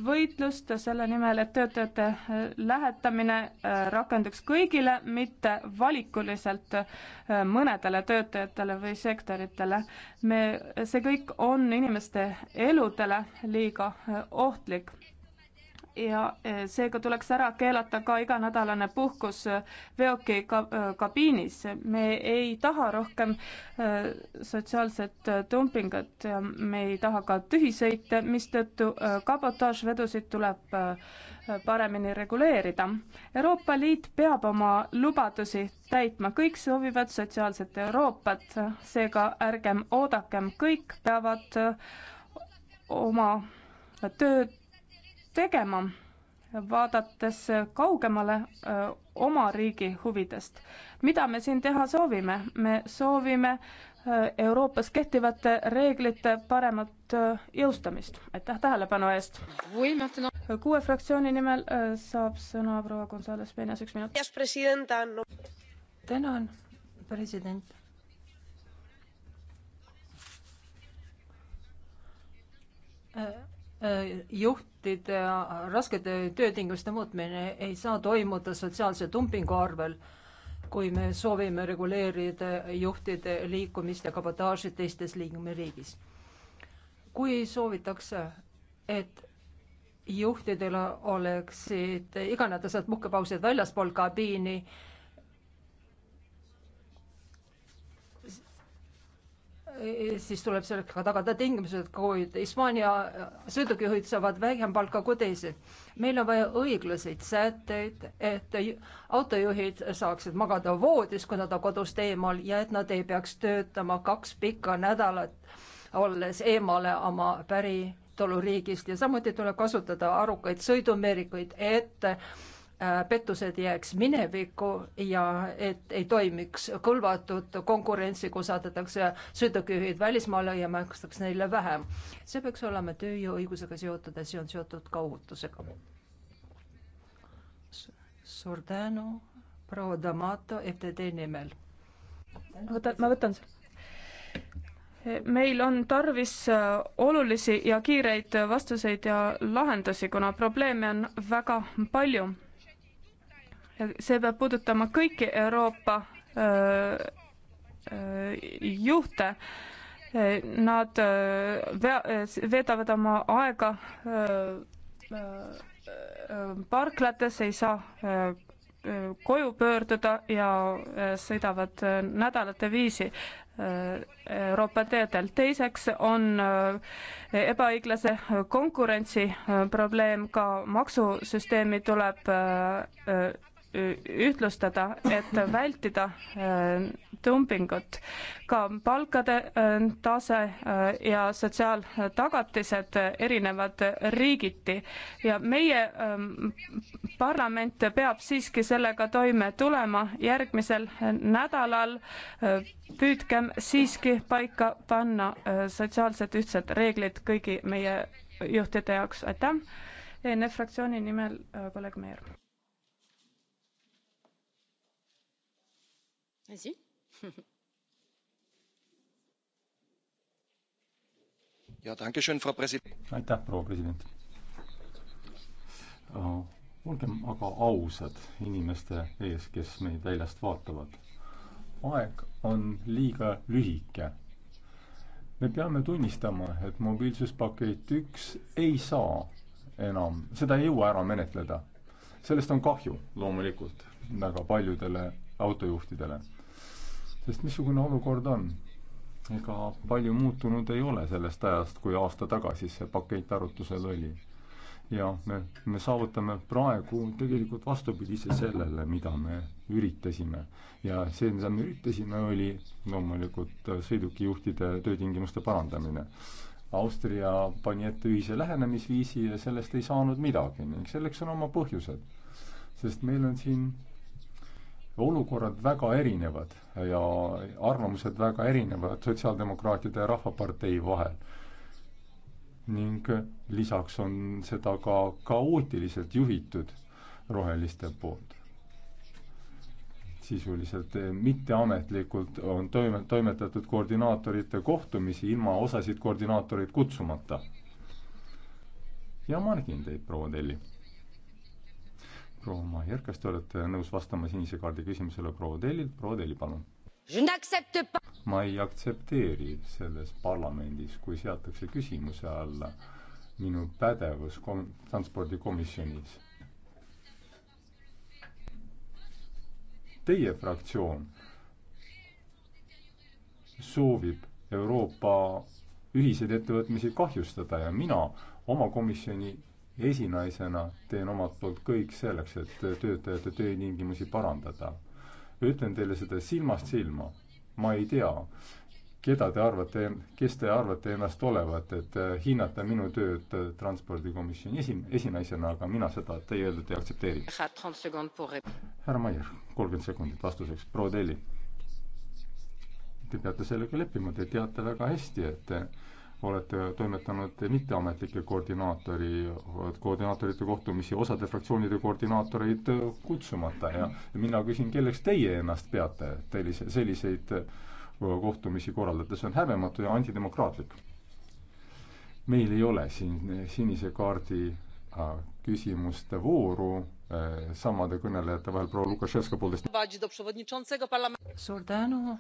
S5: võitlust selle nimel, et töötajate äh, lähetamine äh, rakenduks kõigile, mitte valikuliselt mõnedele töötajatele või sektoritele. me, see kõik on inimeste eludele liiga ohtlik ja e, seega tuleks ära keelata ka iganädalane puhkus e, veoki e, kabiinis. me ei taha rohkem sotsiaalset dumpingut, me ei taha ka tühisõite, mistõttu kabotaažvedusid tuleb paremini reguleerida. Euroopa Liit peab oma lubadusi täitma, kõik soovivad sotsiaalset Euroopat, seega ärgem oodakem, kõik peavad oma tööd tegema, vaadates kaugemale oma riigi huvidest. mida me siin teha soovime? me soovime Euroopas kehtivate reeglite paremat jõustamist. aitäh tähelepanu eest! kuue fraktsiooni nimel saab sõna proua Gonzalez Penas, üks minut.
S4: tänan, president. Uh... Äh. Äh, juhtide äh, raskete töötingimuste muutmine ei saa toimuda sotsiaalse dumpingu arvel, kui me soovime reguleerida juhtide liikumist ja kabotaaži teistes liikmeriigis. kui soovitakse, et juhtidel oleksid iganädalased puhkepausid väljaspool kabiini, Äh, äh, siis tuleb sellega tagada tingimused, kuid Hispaania äh, sõidukijuhid saavad vähem palka kui teised. meil on vaja õiglaseid sätteid, et autojuhid saaksid magada voodis, kui nad on kodust eemal ja et nad ei peaks töötama kaks pikka nädalat, olles eemale oma päritoluriigist ja samuti tuleb kasutada arukaid sõidumeerikuid, et Äh, pettused jääks minevikku ja et ei toimiks kõlvatut konkurentsi, kus saadetakse sõidukijuhid välismaale ja makstakse neile vähem. see peaks olema tööjõuõigusega seotud ja see on seotud ka ohutusega. suur tänu, proua Damato FTD nimel. ma võtan selle meil on
S5: tarvis äh, olulisi ja kiireid vastuseid ja lahendusi, kuna probleeme on väga palju see peab puudutama kõiki Euroopa juhte. Nad veedavad oma aega parklates, ei saa koju pöörduda ja sõidavad nädalate viisi Euroopa teedel. teiseks on ebaõiglase konkurentsi probleem, ka maksusüsteemi tuleb ühtlustada, et vältida äh, dumpingut. ka palkade äh, tase äh, ja sotsiaaltagatised erinevad riigiti ja meie ähm, parlament peab siiski sellega toime tulema järgmisel nädalal. püüdkem siiski paika panna sotsiaalsed ühtsed reeglid kõigi meie juhtide jaoks, aitäh. ENF fraktsiooni nimel kolleeg Meer
S6: aitäh, proua president uh,. olgem aga ausad inimeste ees, kes meid väljast vaatavad. aeg on liiga lühike me peame tunnistama, et mobiilsuspakett üks ei saa enam, seda ei jõua ära menetleda. sellest on kahju loomulikult väga paljudele autojuhtidele sest missugune olukord on? ega palju muutunud ei ole sellest ajast, kui aasta tagasi see pakett arutusel oli. ja me, me saavutame praegu tegelikult vastupidise sellele, mida me üritasime. ja see, mida me üritasime, oli loomulikult sõidukijuhtide töötingimuste parandamine. Austria pani ette ühise lähenemisviisi ja sellest ei saanud midagi ning selleks on oma põhjused. sest meil on siin olukorrad väga erinevad ja arvamused väga erinevad Sotsiaaldemokraatide ja Rahvapartei vahel. ning lisaks on seda ka kaootiliselt juhitud roheliste poolt. sisuliselt eh, mitteametlikult on toime, toimetatud koordinaatorite kohtumisi ilma osasid koordinaatoreid kutsumata. ja margin teid, proua Telli proua Maier, kas te olete nõus vastama sinise kaardi küsimusele proua Tellilt? proua Telli, palun. ma ei aktsepteeri selles parlamendis, kui seatakse küsimuse alla minu pädevus kom-, transpordikomisjonis. Teie fraktsioon soovib Euroopa ühiseid ettevõtmisi kahjustada ja mina oma komisjoni esinaisena teen omalt poolt kõik selleks, et töötajate töötingimusi parandada. ütlen teile seda silmast silma. ma ei tea, keda te arvate, kes te arvate ennast olevat, et äh, hinnata minu tööd äh, transpordikomisjoni esi, esinaisena, aga mina seda teie öeldut ei aktsepteeri. härra Maier, kolmkümmend sekundit vastuseks, proua Telli. Te peate sellega leppima, te teate väga hästi, et olete toimetanud mitteametlikke koordinaatori, koordinaatorite kohtumisi osade fraktsioonide koordinaatoreid kutsumata ja mina küsin, kelleks teie ennast peate sellise, selliseid kohtumisi korraldades, on häbematu ja antidemokraatlik. meil ei ole siin sinise kaardi äh, küsimuste vooru äh, samade kõnelejate vahel, proua Lukašenka poolteist.
S4: suur tänu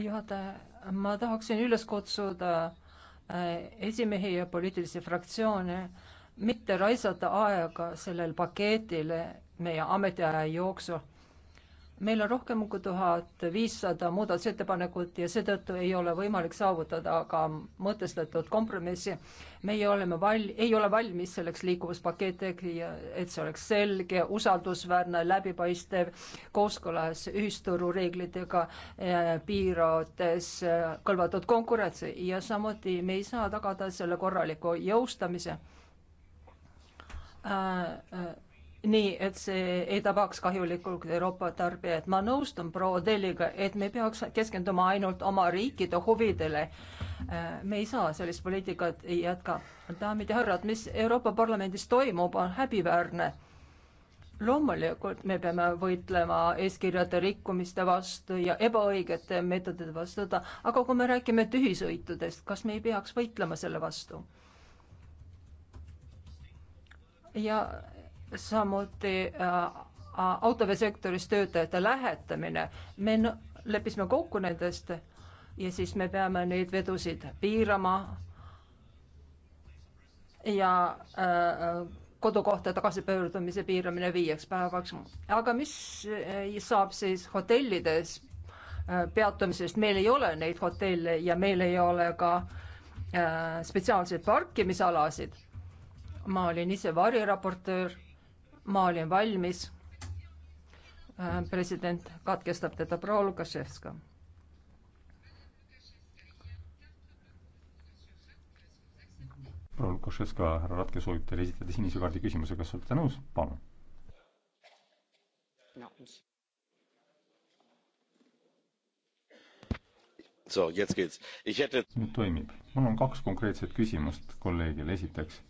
S4: juhataja, ma tahaksin üles kutsuda äh, esimehi ja poliitilisi fraktsioone mitte raisata aega sellele paketile meie ametiaja jooksul meil on rohkem kui tuhat viissada muudatusettepanekut ja seetõttu ei ole võimalik saavutada ka mõtestatud kompromissi. meie oleme val-, ei ole valmis selleks liikuvuspaketiks ja et see oleks selge, usaldusväärne, läbipaistev, kooskõlas ühisturu reeglitega, eh, piirates eh, kõlvatud konkurentsi ja samuti me ei saa tagada selle korraliku jõustamise äh,. Äh, nii, et see ei tabaks kahjulikult Euroopa tarbijaid. ma nõustun proua Telliga, et me peaks keskenduma ainult oma riikide huvidele. Äh, me ei saa sellist poliitikat jätkata. daamid ja härrad, mis Euroopa Parlamendis toimub, on häbiväärne. loomulikult me peame võitlema eeskirjade rikkumiste vastu ja ebaõigete meetodite vastu, aga kui me räägime tühisõitudest, kas me ei peaks võitlema selle vastu? ja samuti äh, autoveesektoris töötajate lähetamine. me leppisime kokku nendest ja siis me peame neid vedusid piirama ja äh, kodukohta tagasipöördumise piiramine viieks päevaks. aga mis äh, saab siis hotellides äh, peatumisest, meil ei ole neid hotelle ja meil ei ole ka äh, spetsiaalseid parkimisalasid. ma olin ise variraportöör ma olin valmis. Äh, president katkestab teda, proua Lukaševska.
S6: proua Lukaševska, härra Ratke soovib teile esitada sinise kaardi küsimuse, kas olete nõus? palun.
S1: nüüd toimib.
S6: mul on kaks konkreetset küsimust kolleegile, esiteks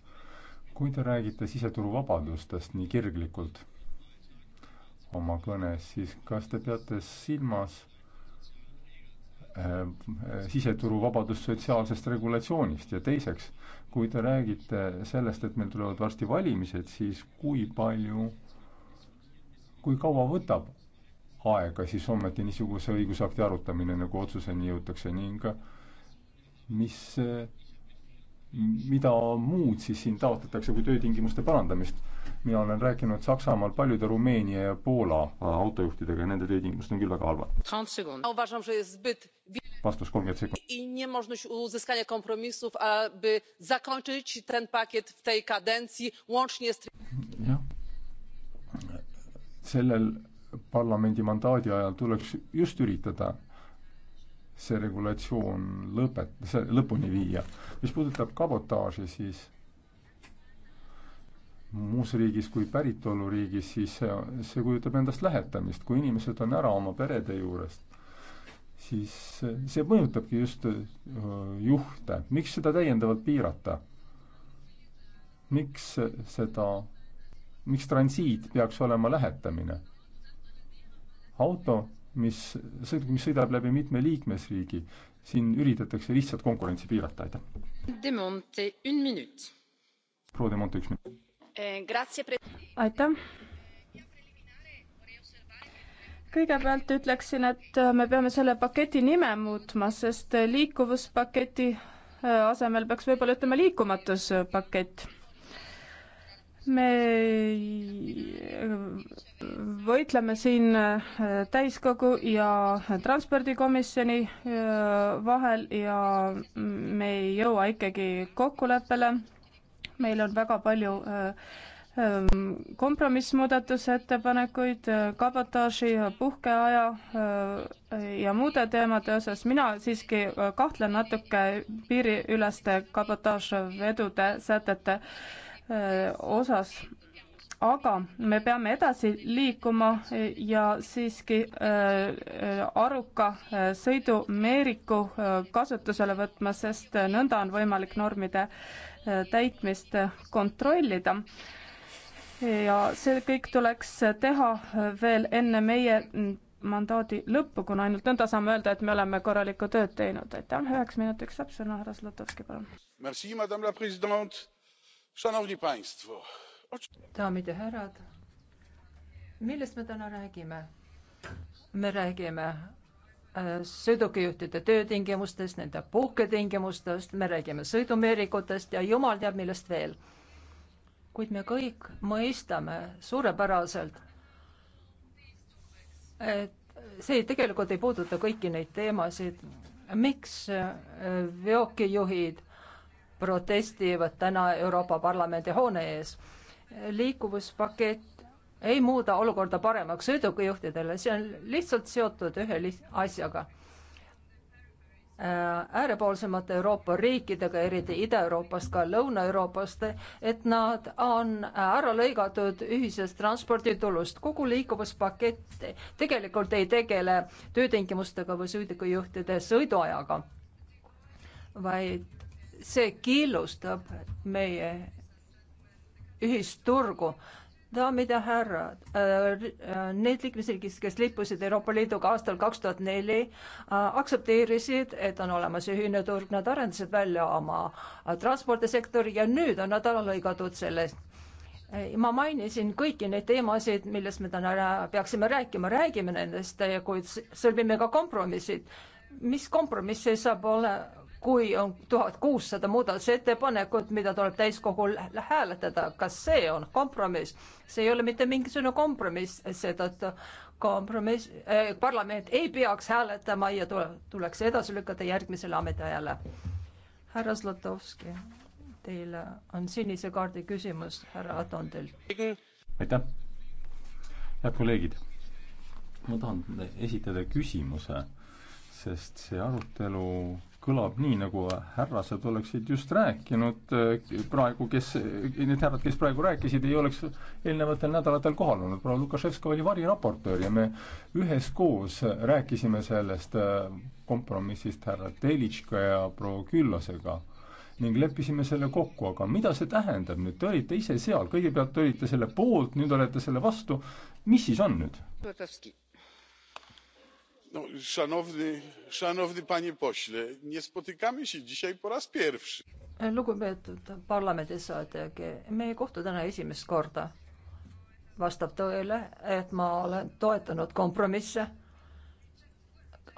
S6: kui te räägite siseturu vabadustest nii kirglikult oma kõnes, siis kas te peate silmas eh, siseturu vabadust sotsiaalsest regulatsioonist ja teiseks, kui te räägite sellest, et meil tulevad varsti valimised, siis kui palju, kui kaua võtab aega siis ometi niisuguse õigusakti arutamine, nagu otsuseni jõutakse ning mis mida muud siis siin taotletakse kui töötingimuste parandamist? mina olen rääkinud Saksamaal paljude Rumeenia ja Poola autojuhtidega ja nende töötingimused on küll väga
S4: halvad.
S6: vastus kolmkümmend sekundit. jah, sellel parlamendi mandaadi ajal tuleks just üritada see regulatsioon lõpet-, see lõpuni viia. mis puudutab kabotaaži, siis muus riigis kui päritoluriigis, siis see, see kujutab endast lähetamist. kui inimesed on ära oma perede juurest, siis see mõjutabki just juhte. miks seda täiendavalt piirata? miks seda, miks transiit peaks olema lähetamine? auto mis sõid-, mis sõidab läbi mitme liikmesriigi. siin üritatakse lihtsalt konkurentsi piirata, aitäh. proua de Monte, üks minut.
S3: Eh,
S5: aitäh kõigepealt ütleksin, et äh, me peame selle paketi nime muutma, sest äh, liikuvuspaketi äh, asemel peaks võib-olla ütlema liikumatuspakett me võitleme siin äh, täiskogu ja transpordikomisjoni äh, vahel ja me ei jõua ikkagi kokkuleppele. meil on väga palju äh, ähm, kompromissmuudatusettepanekuid kabotaaži, puhkeaja ja muude teemade osas. mina siiski kahtlen natuke piiriüleste kabotaažvedude sätete osas aga me peame edasi liikuma e, ja siiski aruka sõidumeeriku kasutusele võtma, sest nõnda on võimalik normide täitmist kontrollida. ja see kõik tuleks teha veel enne meie mandaadi lõppu, kuna ainult nõnda saame öelda, et me oleme korralikku tööd teinud. aitäh, üheks
S4: minutiks saab sõna härra Zlatovski, palun daamid ja härrad, millest me täna räägime? me räägime äh, sõidukijuhtide töötingimustest, nende puhketingimustest, me räägime sõidumeerikutest ja jumal teab, millest veel. kuid me kõik mõistame suurepäraselt, et see tegelikult ei puuduta kõiki neid teemasid, miks äh, veokijuhid protestivad täna Euroopa Parlamendi hoone ees. liikuvuspakett ei muuda olukorda paremaks sõidukijuhtidele, see on lihtsalt seotud ühe liht-, asjaga. Äh, äärepoolsemate Euroopa riikidega, eriti Ida-Euroopast, ka Lõuna-Euroopast, et nad on ära lõigatud ühisest transporditulust. kogu liikuvuspakett tegelikult ei tegele töötingimustega või sõidukijuhtide sõiduajaga, vaid see killustab meie ühisturgu daamid ja härrad, äh, äh, need liikmesriigid, kes lippusid Euroopa Liiduga aastal kaks tuhat neli, äh, aktsepteerisid, et on olemas ühine turg, nad arendasid välja oma transpordisektori ja nüüd on nad ära lõigatud sellest. ma mainisin kõiki neid teemasid, millest me täna peaksime rääkima, räägime nendest, kuid sõlmime ka kompromissid. mis kompromiss see saab olema? kui on tuhat kuussada muudatusettepanekut, mida tuleb täiskogul hääletada, kas see on kompromiss? see ei ole mitte mingisugune kompromiss, seetõttu kompromiss eh,, parlament ei peaks hääletama ja tule, tuleks edasi lükata järgmisele ametiajale. härra Zlatovski, teile on sinise kaardi küsimus härra Atondilt.
S6: aitäh. head kolleegid, ma tahan esitada küsimuse, sest see arutelu kõlab nii, nagu härrased oleksid just rääkinud eh, praegu, kes, need härrad, kes praegu rääkisid, ei oleks eelnevatel nädalatel kohal olnud. proua Lukaševska oli variraportöör ja me üheskoos rääkisime sellest eh, kompromissist härra Telitška ja proua Küllosega ning leppisime selle kokku, aga mida see tähendab nüüd, te olite ise seal, kõigepealt olite selle poolt, nüüd olete selle vastu, mis siis on nüüd?
S1: szanowny panie pośle nie spotykamy się dzisiaj po raz pierwszy.
S4: lugupeetud parlamendisaadik me ei kohtu täna esimest korda. vastab tõele et ma olen toetanud kompromisse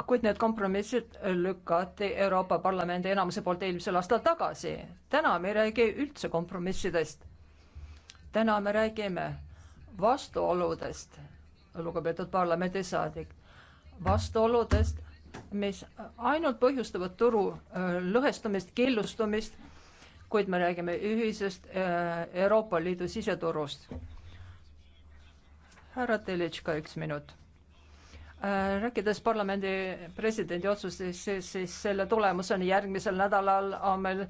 S4: kuid need kompromissid lükati Euroopa Parlamendi enamuse poolt eelmisel aastal tagasi. täna me ei räägi üldse kompromissidest. täna me räägime vastuoludest, lugupeetud parlamendisaadik vastuoludest, mis ainult põhjustavad turu äh, lõhestumist, killustumist, kuid me räägime ühisest äh, Euroopa Liidu siseturust. härra Telitška, üks minut Äh, rääkides parlamendi presidendi otsustest, siis, siis selle tulemusena järgmisel nädalal on meil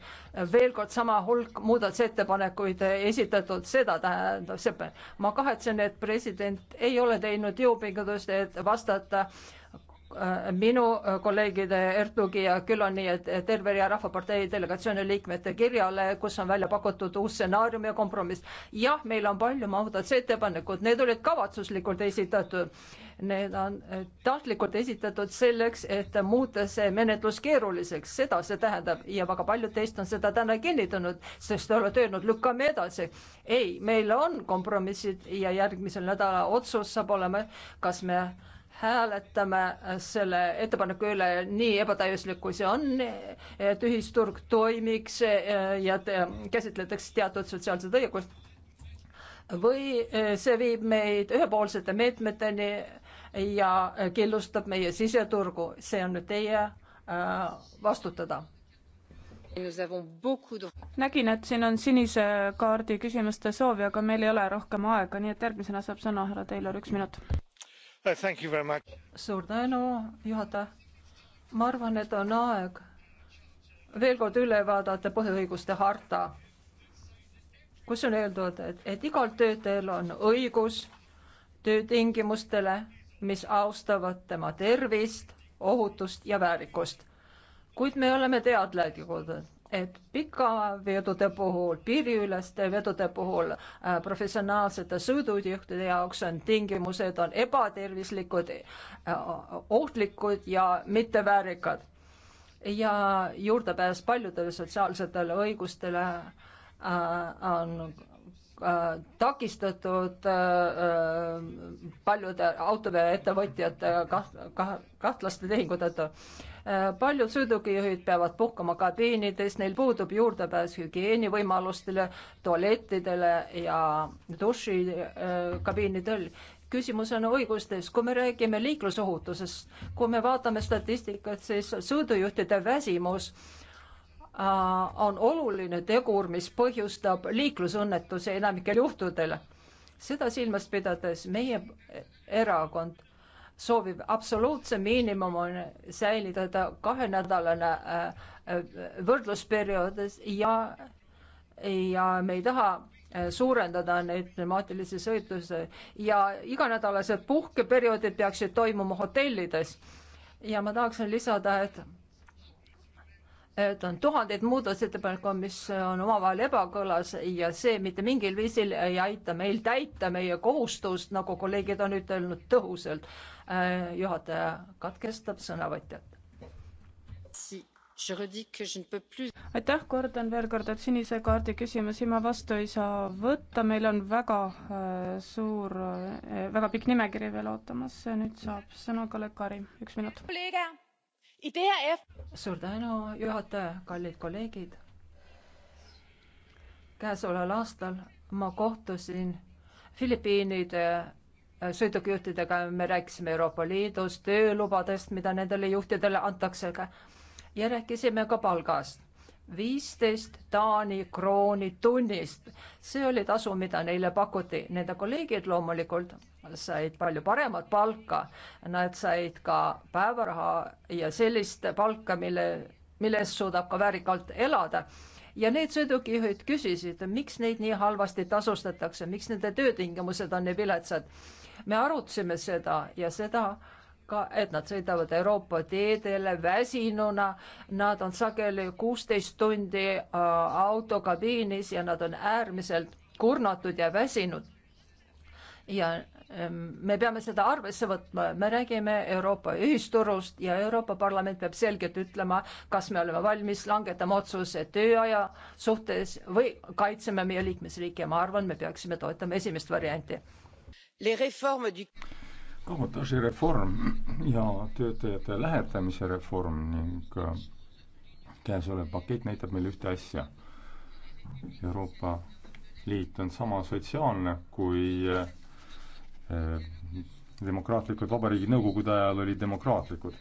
S4: veel kord sama hulk muudatusettepanekuid esitatud, seda tähendab see, ma kahetsen, et president ei ole teinud jõupingutust, et vastata äh, Äh, minu äh, kolleegide Ertugi ja Küloni ja terve rea Rahvapartei delegatsiooni liikmete kirjale, kus on välja pakutud uus stsenaarium ja kompromiss. jah, meil on palju muudatusettepanekud, need olid kavatsuslikult esitatud. Need on äh, tahtlikult esitatud selleks, et muuta see menetlus keeruliseks, seda see tähendab ja väga paljud teist on seda täna kinnitanud, sest te olete öelnud, lükkame edasi. ei, meil on kompromissid ja järgmisel nädalal otsus saab olema, kas me hääletame selle ettepaneku üle, nii ebatäiuslik kui see on, et ühisturg toimiks ja te, käsitletakse teatud sotsiaalseid õigusi. või see viib meid ühepoolsete meetmeteni ja killustab meie siseturgu, see on nüüd teie äh, vastutada. nägin, et siin on sinise kaardi küsimuste
S5: soovi, aga meil ei ole rohkem aega, nii et järgmisena saab sõna härra Taylor, üks minut
S4: suur tänu, juhataja. ma arvan, et on aeg veel kord üle vaadata põhiõiguste harta, kus on öeldud, et, et igal töötajal on õigus töötingimustele, mis austavad tema tervist, ohutust ja väärikust. kuid me oleme teadlikud, et pikavedude puhul, piiriüleste vedude puhul äh, professionaalsete sõidujuhtide jaoks on tingimused on ebatervislikud, äh, ohtlikud ja mitteväärikad. ja juurdepääs paljudele sotsiaalsetele õigustele äh, on takistatud paljude autoveoettevõtjate kaht-, kahtlaste tehingute tõttu paljud sõidukijuhid peavad puhkama kabiinides, neil puudub juurdepääs hügieenivõimalustele, tualettidele ja dušikabiinidel äh, küsimus on õigustes, kui me räägime liiklusohutusest, kui me vaatame statistikat, siis sõidujuhtide väsimus äh, on oluline tegur, mis põhjustab liiklusõnnetuse enamikel juhtudel. seda silmas pidades meie erakond soovib absoluutse miinimumina säilitada kahenädalane äh, äh, võrdlusperioodis ja, ja me ei taha äh, suurendada neid pneumaatilisi sõitusi ja iganädalased puhkeperioodid peaksid toimuma hotellides. ja ma tahaksin lisada, et et on tuhandeid muudatusettepanekuid, mis on omavahel ebakõlas ja see mitte mingil viisil ei aita meil täita meie kohustust, nagu kolleegid on ütelnud tõhusalt. Äh, juhataja katkestab sõnavõtjat.
S5: aitäh, kordan veel kord, et sinise kaardi küsimusi ma vastu ei saa võtta, meil on väga äh, suur, äh, väga pikk nimekiri veel ootamas, nüüd
S4: saab sõna kolleeg Kari, üks minut. kolleeg idee. suur tänu, juhataja, kallid kolleegid. käesoleval aastal ma kohtusin Filipiinide äh, sõidukijuhtidega, me rääkisime Euroopa Liidust, töölubadest, mida nendele juhtidele antakse, ja rääkisime ka palgast viisteist Taani krooni tunnist. see oli tasu, mida neile pakuti. Nende kolleegid loomulikult said palju paremat palka. Nad said ka päevaraha ja sellist palka, mille, millest suudab ka väärikalt elada. ja need sõidukijuhid küsisid, miks neid nii halvasti tasustatakse, miks nende töötingimused on nii viletsad. me arutasime seda ja seda sellega, et nad sõidavad Euroopa teedele väsinuna, nad on sageli kuusteist tundi äh, autokabiinis ja nad on äärmiselt kurnatud ja väsinud. ja ähm, me peame seda arvesse võtma, me räägime Euroopa ühisturust ja Euroopa Parlament peab selgelt ütlema, kas me oleme valmis langetama otsuse tööaja suhtes või kaitseme meie liikmesriiki ja ma arvan, me peaksime toetama esimest varianti. Du
S6: kabotaažireform ja töötajate lähetamise reform ning äh, käesolev pakett näitab meile ühte asja. Euroopa Liit on sama sotsiaalne kui äh, demokraatlikud vabariigid Nõukogude ajal olid demokraatlikud.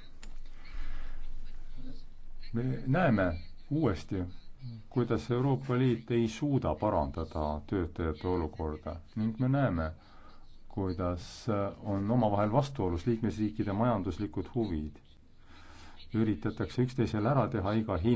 S6: me näeme uuesti, kuidas Euroopa Liit ei suuda parandada töötajate olukorda ning me näeme, kuidas äh, on omavahel vastuolus liikmesriikide majanduslikud huvid. üritatakse üksteisele ära teha iga hind